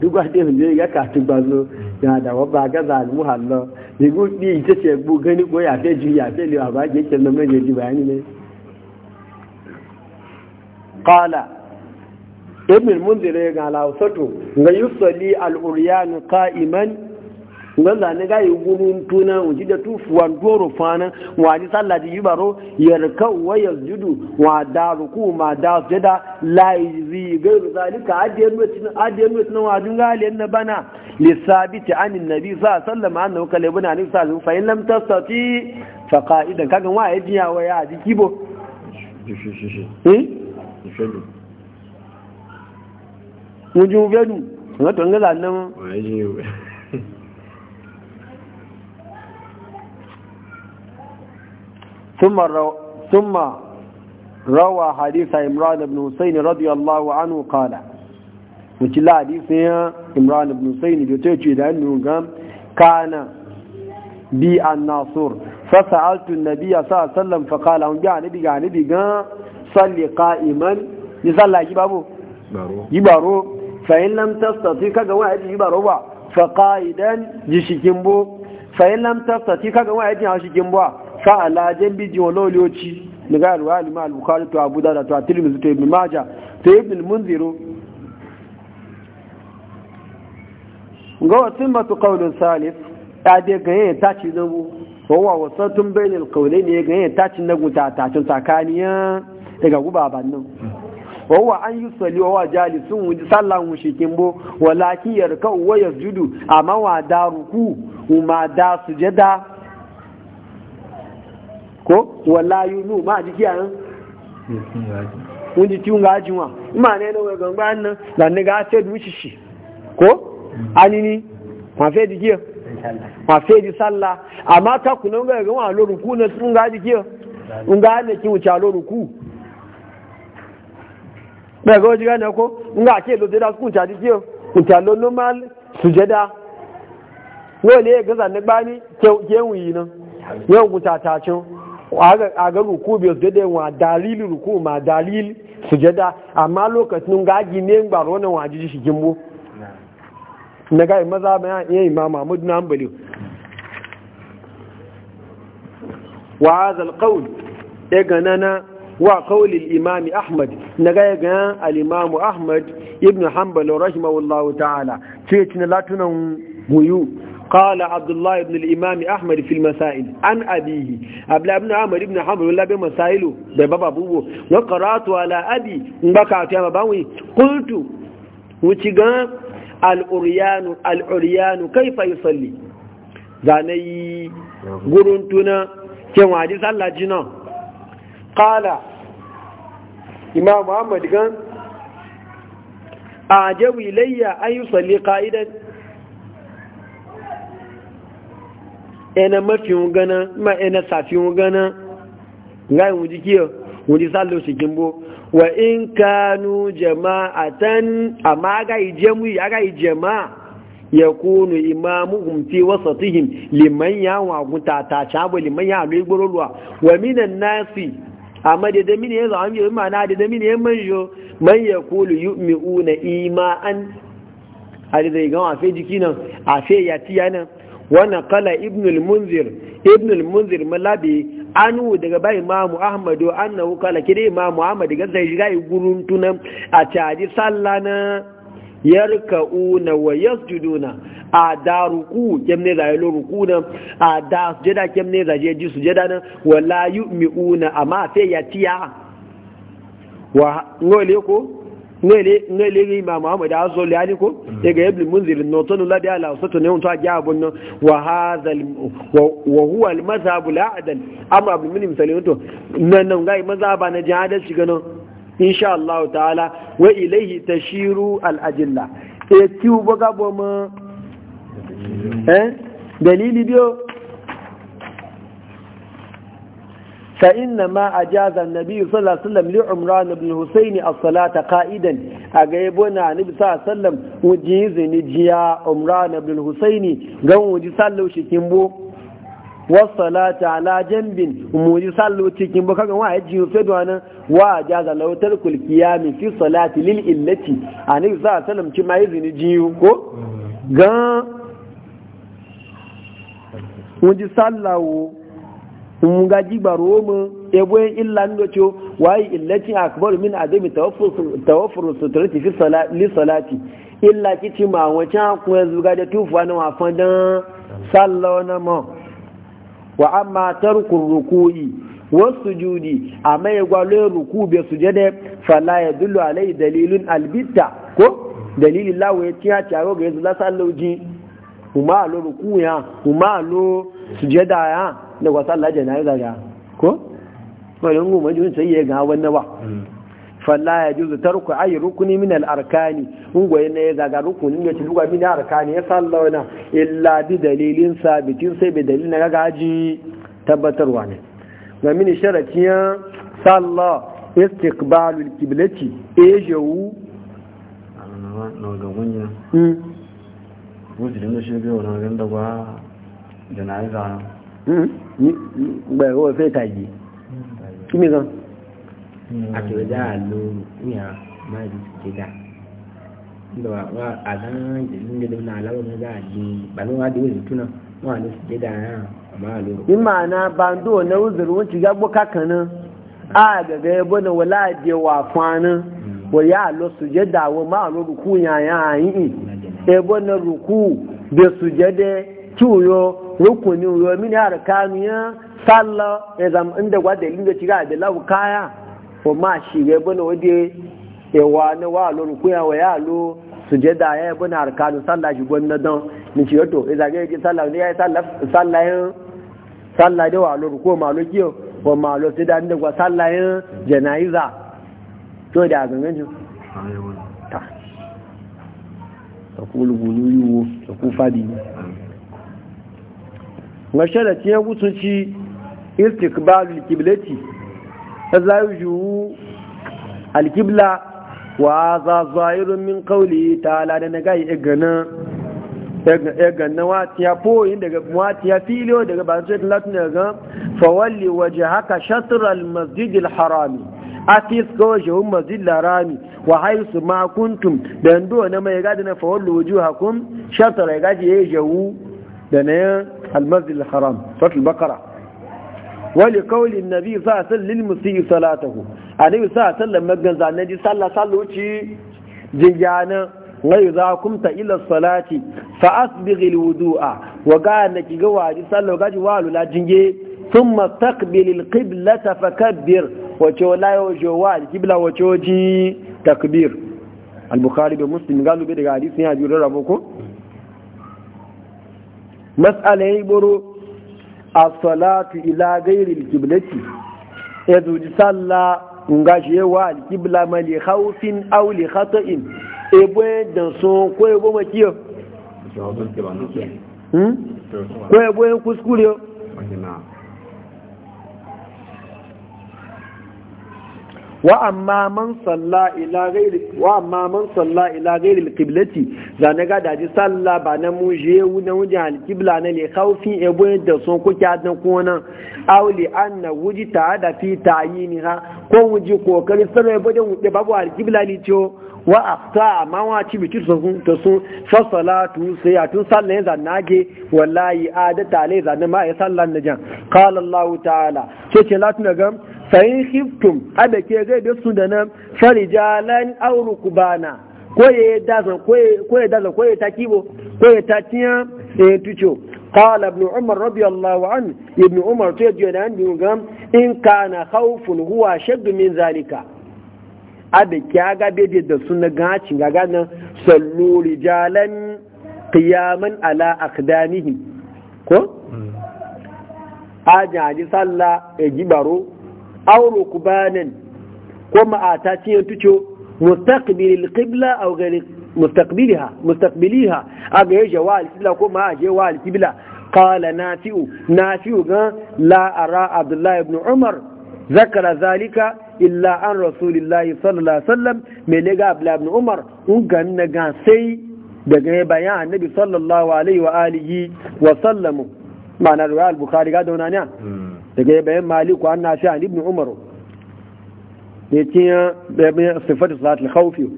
duk wa dai hunde ya ka tu bazo ya da wa ba ga zalimu hallo ni gu ni ita ce bu gani ko ya fe ji ya fe le ba ke ke nan mai ji bayani ne qala ibn munzir ya ga lausatu ga yusalli al-uryan qa'iman ngalla ne ga yugun tuna uji da tufuwan doro fana wa ji sallah di yibaro yarka wa yasjudu wa daruku ma da jada la yizi gairu zalika adiyan mutin adiyan mutin wa na bana li sabiti anin nabi sallallahu alaihi annahu kalibuna ni sa fa in lam tastati fa qa'idan kagan wa e ya jiya wa ya ji kibo eh vedu ngato ngala nan ثم روى حديث عمران بن حسين رضي الله عنه قال وكلا حديث عمران بن حسين يتوجه لأنه قام كان بي الناصر فسألت النبي صلى الله عليه وسلم فقال هم جاني بي جاني بي صلي قائما يصلى يبارو يبارو فإن لم تستطيع كجواعد يبارو فقائدا جشكيمبو فإن لم تستطيع كجواعد جشكيمبو fa ala jambi ji wala loci daga ruwa lima al-bukhari to abu da to a tirmidhi to ibn majah to ibn al-munzir ga wasin matu qawlun salif ta de ga ya taci da mu wawa wasatun bainal qawlain ya ga ya taci na guta tacin tsakaniya daga gubaban nan wawa an yi sali wawa jalisun wuji sallan wushikin bo walakin yarka wa yasjudu amma wa daruku kuma da sujada ko wala yulu ma ji kiyan mun ji tun ga jinwa ma ne no ga ngba nan la ne ga se du shi ko anini ma fe di kiyo ma fe di salla amma ta kuno ga ga wa lo ruku ne tun ga ji kiyo un ne ki wuce lo ruku ba ga ji ga ne ko un ga ke lo de da kun ta di kiyo kun ta lo normal sujada wole ga zan ne ba ni ke ke wi nan yau ku ta ta cin a ga ruku bai sujada wa dalili ruku ma dalili sujada amma lokacin gaji ne gbaro wannan wajiji shi gimbo na ga maza ba ya yi ma Mahmud na ambali wa azal kawul ya e ganana wa kawulil imami Ahmad na e gaya ga alimamu Ahmad ibn Hanbal rahimahullahu ta'ala ce tin latunan guyu قال عبد الله بن الإمام أحمد في المسائل عن أبيه أبلا بن عمر بن حمد ولا بمسائله ببابا بوبو وقرأت على أبي مبكى أتيام باوي قلت وتيغان الأريان الأريان كيف يصلي زاني قرنتنا كم عدي صلى جنا قال إمام محمد كان أعجب إلي أن يصلي قائدا ena mafi gana ma ena safi gana ngai mu jikiyo mu ji sallo shi kimbo wa in kanu jama'atan amma ga ijemu aga ijema yakunu imamuhum fi wasatihim liman yawa guta ta chabo liman ya lo igborolwa wa minan nasi amma da damini yanzu an yi mana da damini yan manjo man yakulu yu'mi'una ima'an hadi zai gawa fe jikinan a fe yatiya nan kala ibnul munzir ibnul munzir malabi anu daga bai imamu ahmadu annahu kala kidi imamu ahmadu ga sai shiga gurun tunan a taji sallana na yarkauna wa yasjuduna a da ruku kemne zai lo Rukuna. na a da sujada kemne zai ji sujada na wala yu'miuna amma sai ya tiya wa ngole ko ne lege imam Muhammad azo le aliko daga ibn munzir notonu la bi ala sato ne unta ja bun wa hadha wa huwa al mazhab al a'dal amma ibn munzir misali to nan nan maza ba na jihada shi gano insha Allah ta'ala wa Ilaihi ta shiru ajilla e ti u boga bo eh dalili biyo? فإن ما أجاز النبي صلى الله عليه وسلم لعمران بن حسين الصلاة قائدا أغيبنا النبي صلى الله عليه وسلم وجيز نجيا عمران بن حسين قوم وجي صلوا والصلاة على جنب وموجي صلوا شكيمبو كما واحد جيو فدوانا وأجاز له ترك القيام في الصلاة للإلة النبي صلى الله عليه وسلم كما يزن جيو كو قام وجي صلوا nga jiba romu ebe illa ndo cho wai illati akbar min adami tawaffur tawaffur sutrati fi salati li salati illa kiti ma wacha ku zuga da tufu na wa fadan sallona mo wa amma tarku ruku'i wasujudi amma ya gwalo ruku be sujade fala yadullu alai dalilun albita, ko dalilin lawo ya tiya taro ga yanzu la salloji kuma lo ruku ya kuma lo sujada ya da kwa sallah jana'iza ga ko wani ngu majun sai ya ga wannan ba mm. falla ya juzu tarku ayi rukuni min al arkani ungoye ne zaga rukunin ya ci duka min al arkani ya sallah na. illa bi dalilin sabitin sai bi dalilin na gaji tabbatarwa ne ga min sharatiyan sallah istiqbalu al qiblati ejewu mm. hmm. na ga gunya mm wuce da shi ga wannan ganda ba Hmm? gbẹ̀rọ ẹ̀fẹ́ ìtàjì kí ní àtìwẹ̀dá àlò ìyà máa di kéda ndọ̀wà wà àdáhàn ìdílé náà aláwọ̀n ẹ̀dá àdí ìbànúwà àdíwẹ̀ ìtúnà a wà fún aná hmm. wọ sùjẹ́dà àwọn lọ rùkú rùkú bẹ tí yọ rukunin romin har kamiya salla ya zama inda gwa dalilin da cika da lau kaya ko ma shi ya bane waje ewa na wa lo rukuya wa ya lo sujada ya bane har kanu salla shi gwanna don ni ci yato ya zage yake salla ne ya yi salla yin salla da wa lo rukuwa ma lo kiyo ko ma sai da inda gwa salla yin jana'iza to da gangan ji ta ta ku lugu yiwo ta ku fadi masharati ya gutunci istikbal alkiblati azayu alkibla wa za zahirun min qawli ta'ala da naga igana igana wati ya poyi daga wati ya filiyo daga ba sai latin daga fawalli wajhaka masjidil harami a atis ko jehun masjid harami wa haisu makuntum da dan na mai gadi na fawallu hakun shatr ya gaji ya yi jehu da na المسجد الحرام سورة البقره ولقول النبي صلى الله عليه وسلم للمسيء صلاته النبي صلى الله عليه وسلم ما كان زان زانجي صلى صلوا شي جيانا غير ذا تا الى الصلاه فأسبغ الوضوء وقالنا كي قواجي صلوا غادي والو لا جنجي ثم تقبل القبلة فكبر وجو لا يوجو والي قبلة وشو تكبير البخاري ومسلم قالوا بيد حديث يا جورا ربكم matsala ya yi buru a salatu ila gairi alkiblati ya zuci salla nga shi yawa alkibla ma le hausin aw li khata'in ebo dan so ko ebo ma kiyo ko hmm? ebo kuskure wa amma man salla ila ghairi wa amma man salla ila ghairi salla ba na mu je na wujin alqibla na le khawfi e boye da son ku kya dan ko nan aw anna wuji ta da fi tayinha ko wuji kokari sai e da da babu alqibla ne ciyo wa afta amma wa ci bitu sun to sun fa salatu sai a tun salla ya zanage wallahi adata le zanna ma ya salla na jan qala allah ta'ala ce ce latuna gam sayin hiftum ada ke zai da da na fari jalan auru ku bana koye dazan koye dazan koye ta kibo koye ta tiya da ya tuce kawala abin umar rabi allawa an yi abin umar to yadda yana yi ga in ka na haufin huwa shagumin zalika ada ke a gabe da da su na gaci ga gana saluri jalan kiyamin ala a kadanihi ko? sallah a jibaro auru kubanin ko ma'ata ce ya tuco mustaqbilil qibla aw ghayr mustaqbilha mustaqbiliha aga ya jawal qibla ko ma je wal qibla qala nafi'u nafi'u ga la ara abdullah ibn umar zakara zalika illa an rasulillahi sallallahu alaihi wasallam me ne ga abdullah ibn umar ungan na ga sai daga bayan annabi sallallahu alaihi wa alihi wa sallamu ma'ana riwayat bukhari ga dauna ne daga yi bayan maliku an na shi an ibn umaru ne tiya bayan sifatu salatul khawfi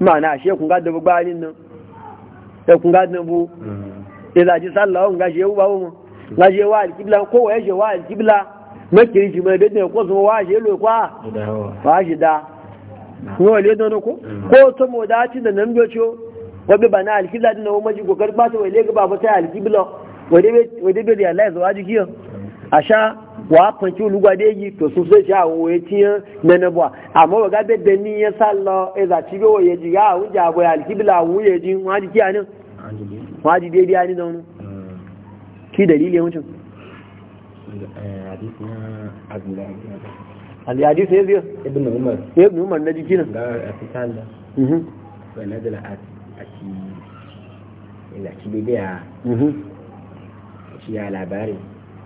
ma'ana shi kun ga da bayanin nan sai kun ga bu ila ji sallahu ga shi ba mu ga shi wa alqibla ko wa shi wa alqibla makiri ji mai bidne ko zuwa wa shi lo kwa wa shi da ko wale don ko ko to mo da ci da nan gocho wabe bana alqibla din na mu ji kokar ba to wale le ga ba sai alqibla wai dai wai dai Allah ya zo aji kiyo asha wa fanki olugba de yi to sun so ṣe àwọn oye tiyan nẹnẹbọ àmọ wọgá bẹbẹ ní yẹn sá lọ ẹzà tí bí wòye jì yá àwọn jà àbọ àlìkíbìlà àwọn òye jì wọn á di kí àná wọn á di déédé àní náà nù kí dẹ̀lí ilé wọn tún. àti àdìsí ẹ bíọ. ebùnú mọ ebùnú mọ na ẹdí kí náà. àti sálọ. pẹ̀lẹ́dọ̀lá àti ìlàkíbẹ̀bẹ̀ à.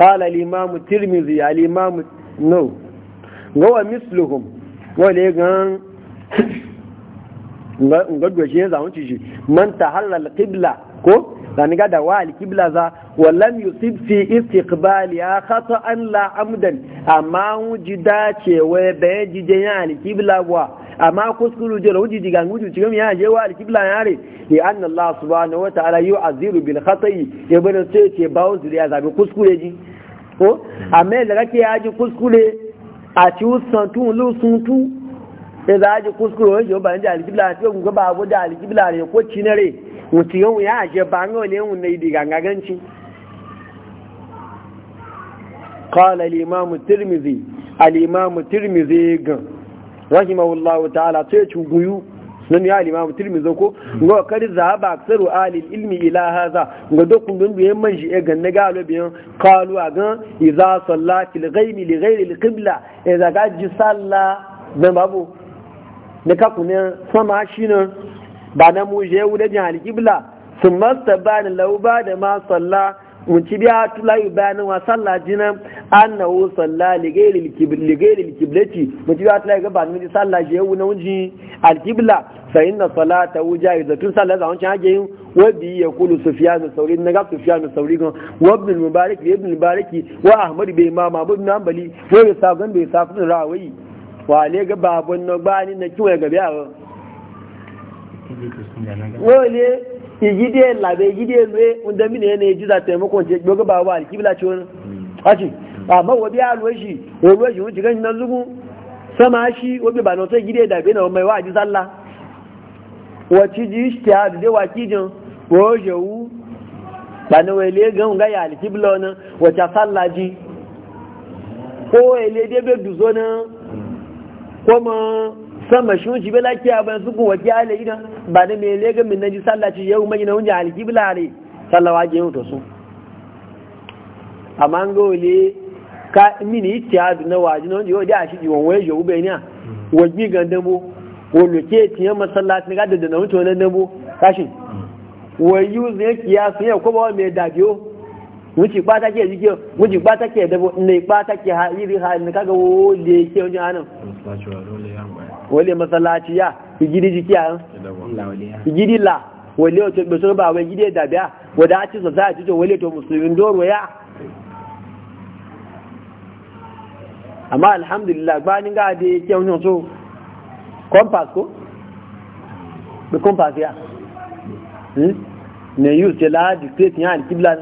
qala al-imam tirmidhi al-imam no gawa misluhum wale gan ga gwaje ya zamu ci man tahallal kibla, ko zani ga gada, wa al'kibla za wa lam yusib fi istiqbaliha khata'an la amdan amma wujida cewa da jije ya al-qibla wa amma kuskuru jira wuji diga wuji cikin ya je wa alkibla ya re ya anna Allah subhanahu wa ta'ala yu'aziru bil khata'i ya bane ce ce bawo ya zabi kuskure ji ko amma da kake ya ji kuskure a ci usan tu lu sun tu ya e za ji kuskure wani jiwa ban ji alkibla ce ku ba abu da alkibla ne ko cinare wuci yau ya je ba ngo ne mun ne diga ganganci قال الإمام الترمذي الإمام الترمذي قال rahimahullahu ta'ala sai ya cuguyu nan ya limamu tirmizo ko ga kar zaba aksaru alil ilmi ila hadha eh, ga dokun dun biyan man shi ga na galo biyan qalu gan iza sallati li ghayri alqibla iza eh, ga ji salla dan babu ne ka kunya sama shi ne ba na mu je wurin al qibla thumma tabana law da ma sallah. wunci biya tulayu bayanin wa sallah jinan annahu salla ligairil kiblati wunci biya tulayu ga ba ni sallah je wu na wunji alkibla fa inna salata wujaizatun sallah za wancin hage yin wa bi yaqulu sufyan sauri na ga sufyan sauri gon wa ibn mubarak ibn mubarak wa ahmad bai imam abu ibn hanbali wa bi sagan bai safin rawayi wa le ga babun no gbani na kiwa ga biya wa le igide labe igide nwe wanda mini yana yi jiza taimako ce gbogo ba wa alkibla ce wani kwaci amma wabi ya alwe shi olwe shi wuce ganshi nan zugu sama shi wabi ba na sai gide da bena mai wa jiza la da ga wani ko bai sama shi wunci bela kiya ban su kuwa kiya le idan ba da mai lega min naji sallaci yau mai na wunja alkibla ne sallawa ke yau to su amma an gole ka mini ittihadu na waji na wunji yau da shi jiwon waje yau bai niya waji ga dabo wani ke tiye masallaci na gada da na wunci wannan dabo kashin wayu zai kiya sun yau kuma ba mai dabiyo wuci ba ta ke jike wuce ba ke dabo ne ba ke ha iri ha kaga wole ke wunji anan wale masallaci ya igidi jikiya eh? igidi la wale wato bai sun ba wai gidi e da biya wadda a ci sa za a wale to musulmin doro ya amma alhamdulillah gbanin ga da yake wani so compass ko bi compass ya hmm? ne use ce la dictate ya alkibla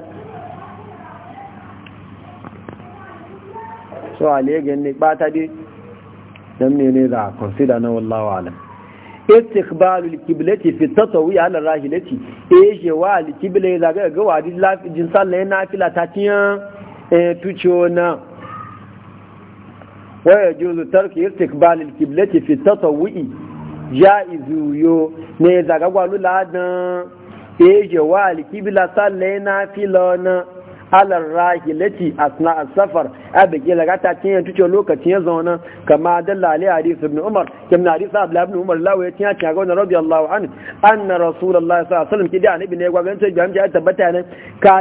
so ale ganin ba ta dai dan ne za a consider na wallahu alam istiqbalu alqiblati fi ala rahilati e eh, wa alqibla za ga ga wadi ta eh, tucho na wa yajuzu tarki alqiblati fi jaizu yo ne za ga gwalu ladan eh, wa alqibla na alar rahilati asna as a abike laga ta tinya tuce lokacin ya zauna kama dalla ali hadith ibn umar na hadith abdullah ibn umar lawa ya tinya ta ga radiyallahu anhu anna rasulullahi ya alaihi wasallam kidi annabi ne gwagan ce ga amja tabbata ne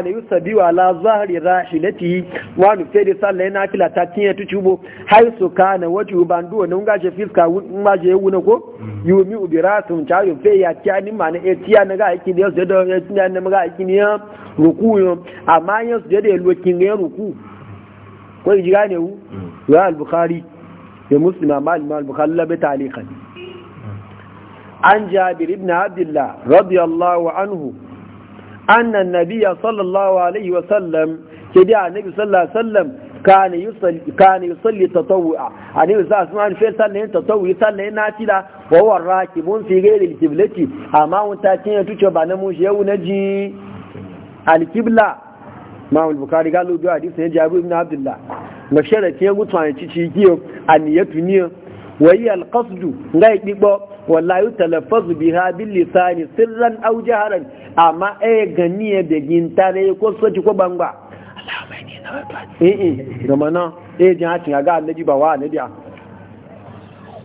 yi yusabi wa la zahri rahilati wa nu fedi sallai na kila ta tinya tuce bo hay su kana wati bandu ne ga je fiska ma je wuna ko hmm. yumi ubiratum ta yu fe ya tiya ni ma ne e tiya na ga yake da da ya e tiya ne ma ga yake ne rukuyo amma ya su jada yalwa ya ruku ko ji gane wu mm. ya al-bukhari ya muslima malima al-bukhari la bi ta'liqan an jabir ibn abdullah radiyallahu anhu anna an nabiy sallallahu alayhi wa sallam kidi annabi sallallahu alayhi wa sallam kana yusalli kana yusalli tatawwa ani za alaihi wa sallam fa sallin tatawwi sallin nafila wa huwa rakibun fi ghayri al-qiblati amma wanta cin tuce ba na mu shehu naji al-qibla mahul bukari galo da hadisi ne jabu ibn abdullah ga sharati ya gutu an cici kiyo aniyatu niyo wayi qasdu ngai bibo wallahi talaffaz biha bil lisan sirran aw jaharan amma e ganiye be gintare e ko soci ko bangba Allahumma inni nawatu eh eh romana e jin hatin ga annabi ba wa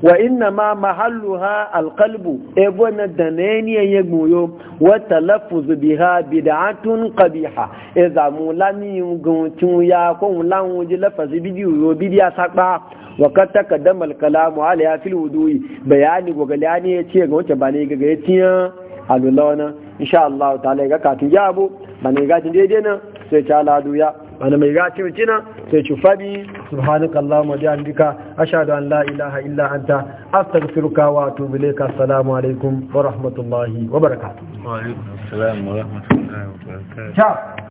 wa inna ma mahalluha alqalbu ebo na dananiya ya goyo wa talaffuz biha bid'atun qabiha lami e mulani guntun ya ko mulan wuji lafazi bidiyo yo bidiya sakpa wa kad taqaddama alkalamu alayha fil wudu'i bayani ya ce ga wace ba ne ga tiya alulawana insha Allah ta'ala ga katun jabo ba ne ga daidai na sai ta ya wani mai gaci mutina sai ci faɗi subhanaka Allahumma bihamdika ashhadu an la ilaha illa anta astaghfiruka wa atubu ilayka assalamu alaikum wa rahmatullahi wa barakatuh wa alaikum assalam wa rahmatullahi wa barakatuh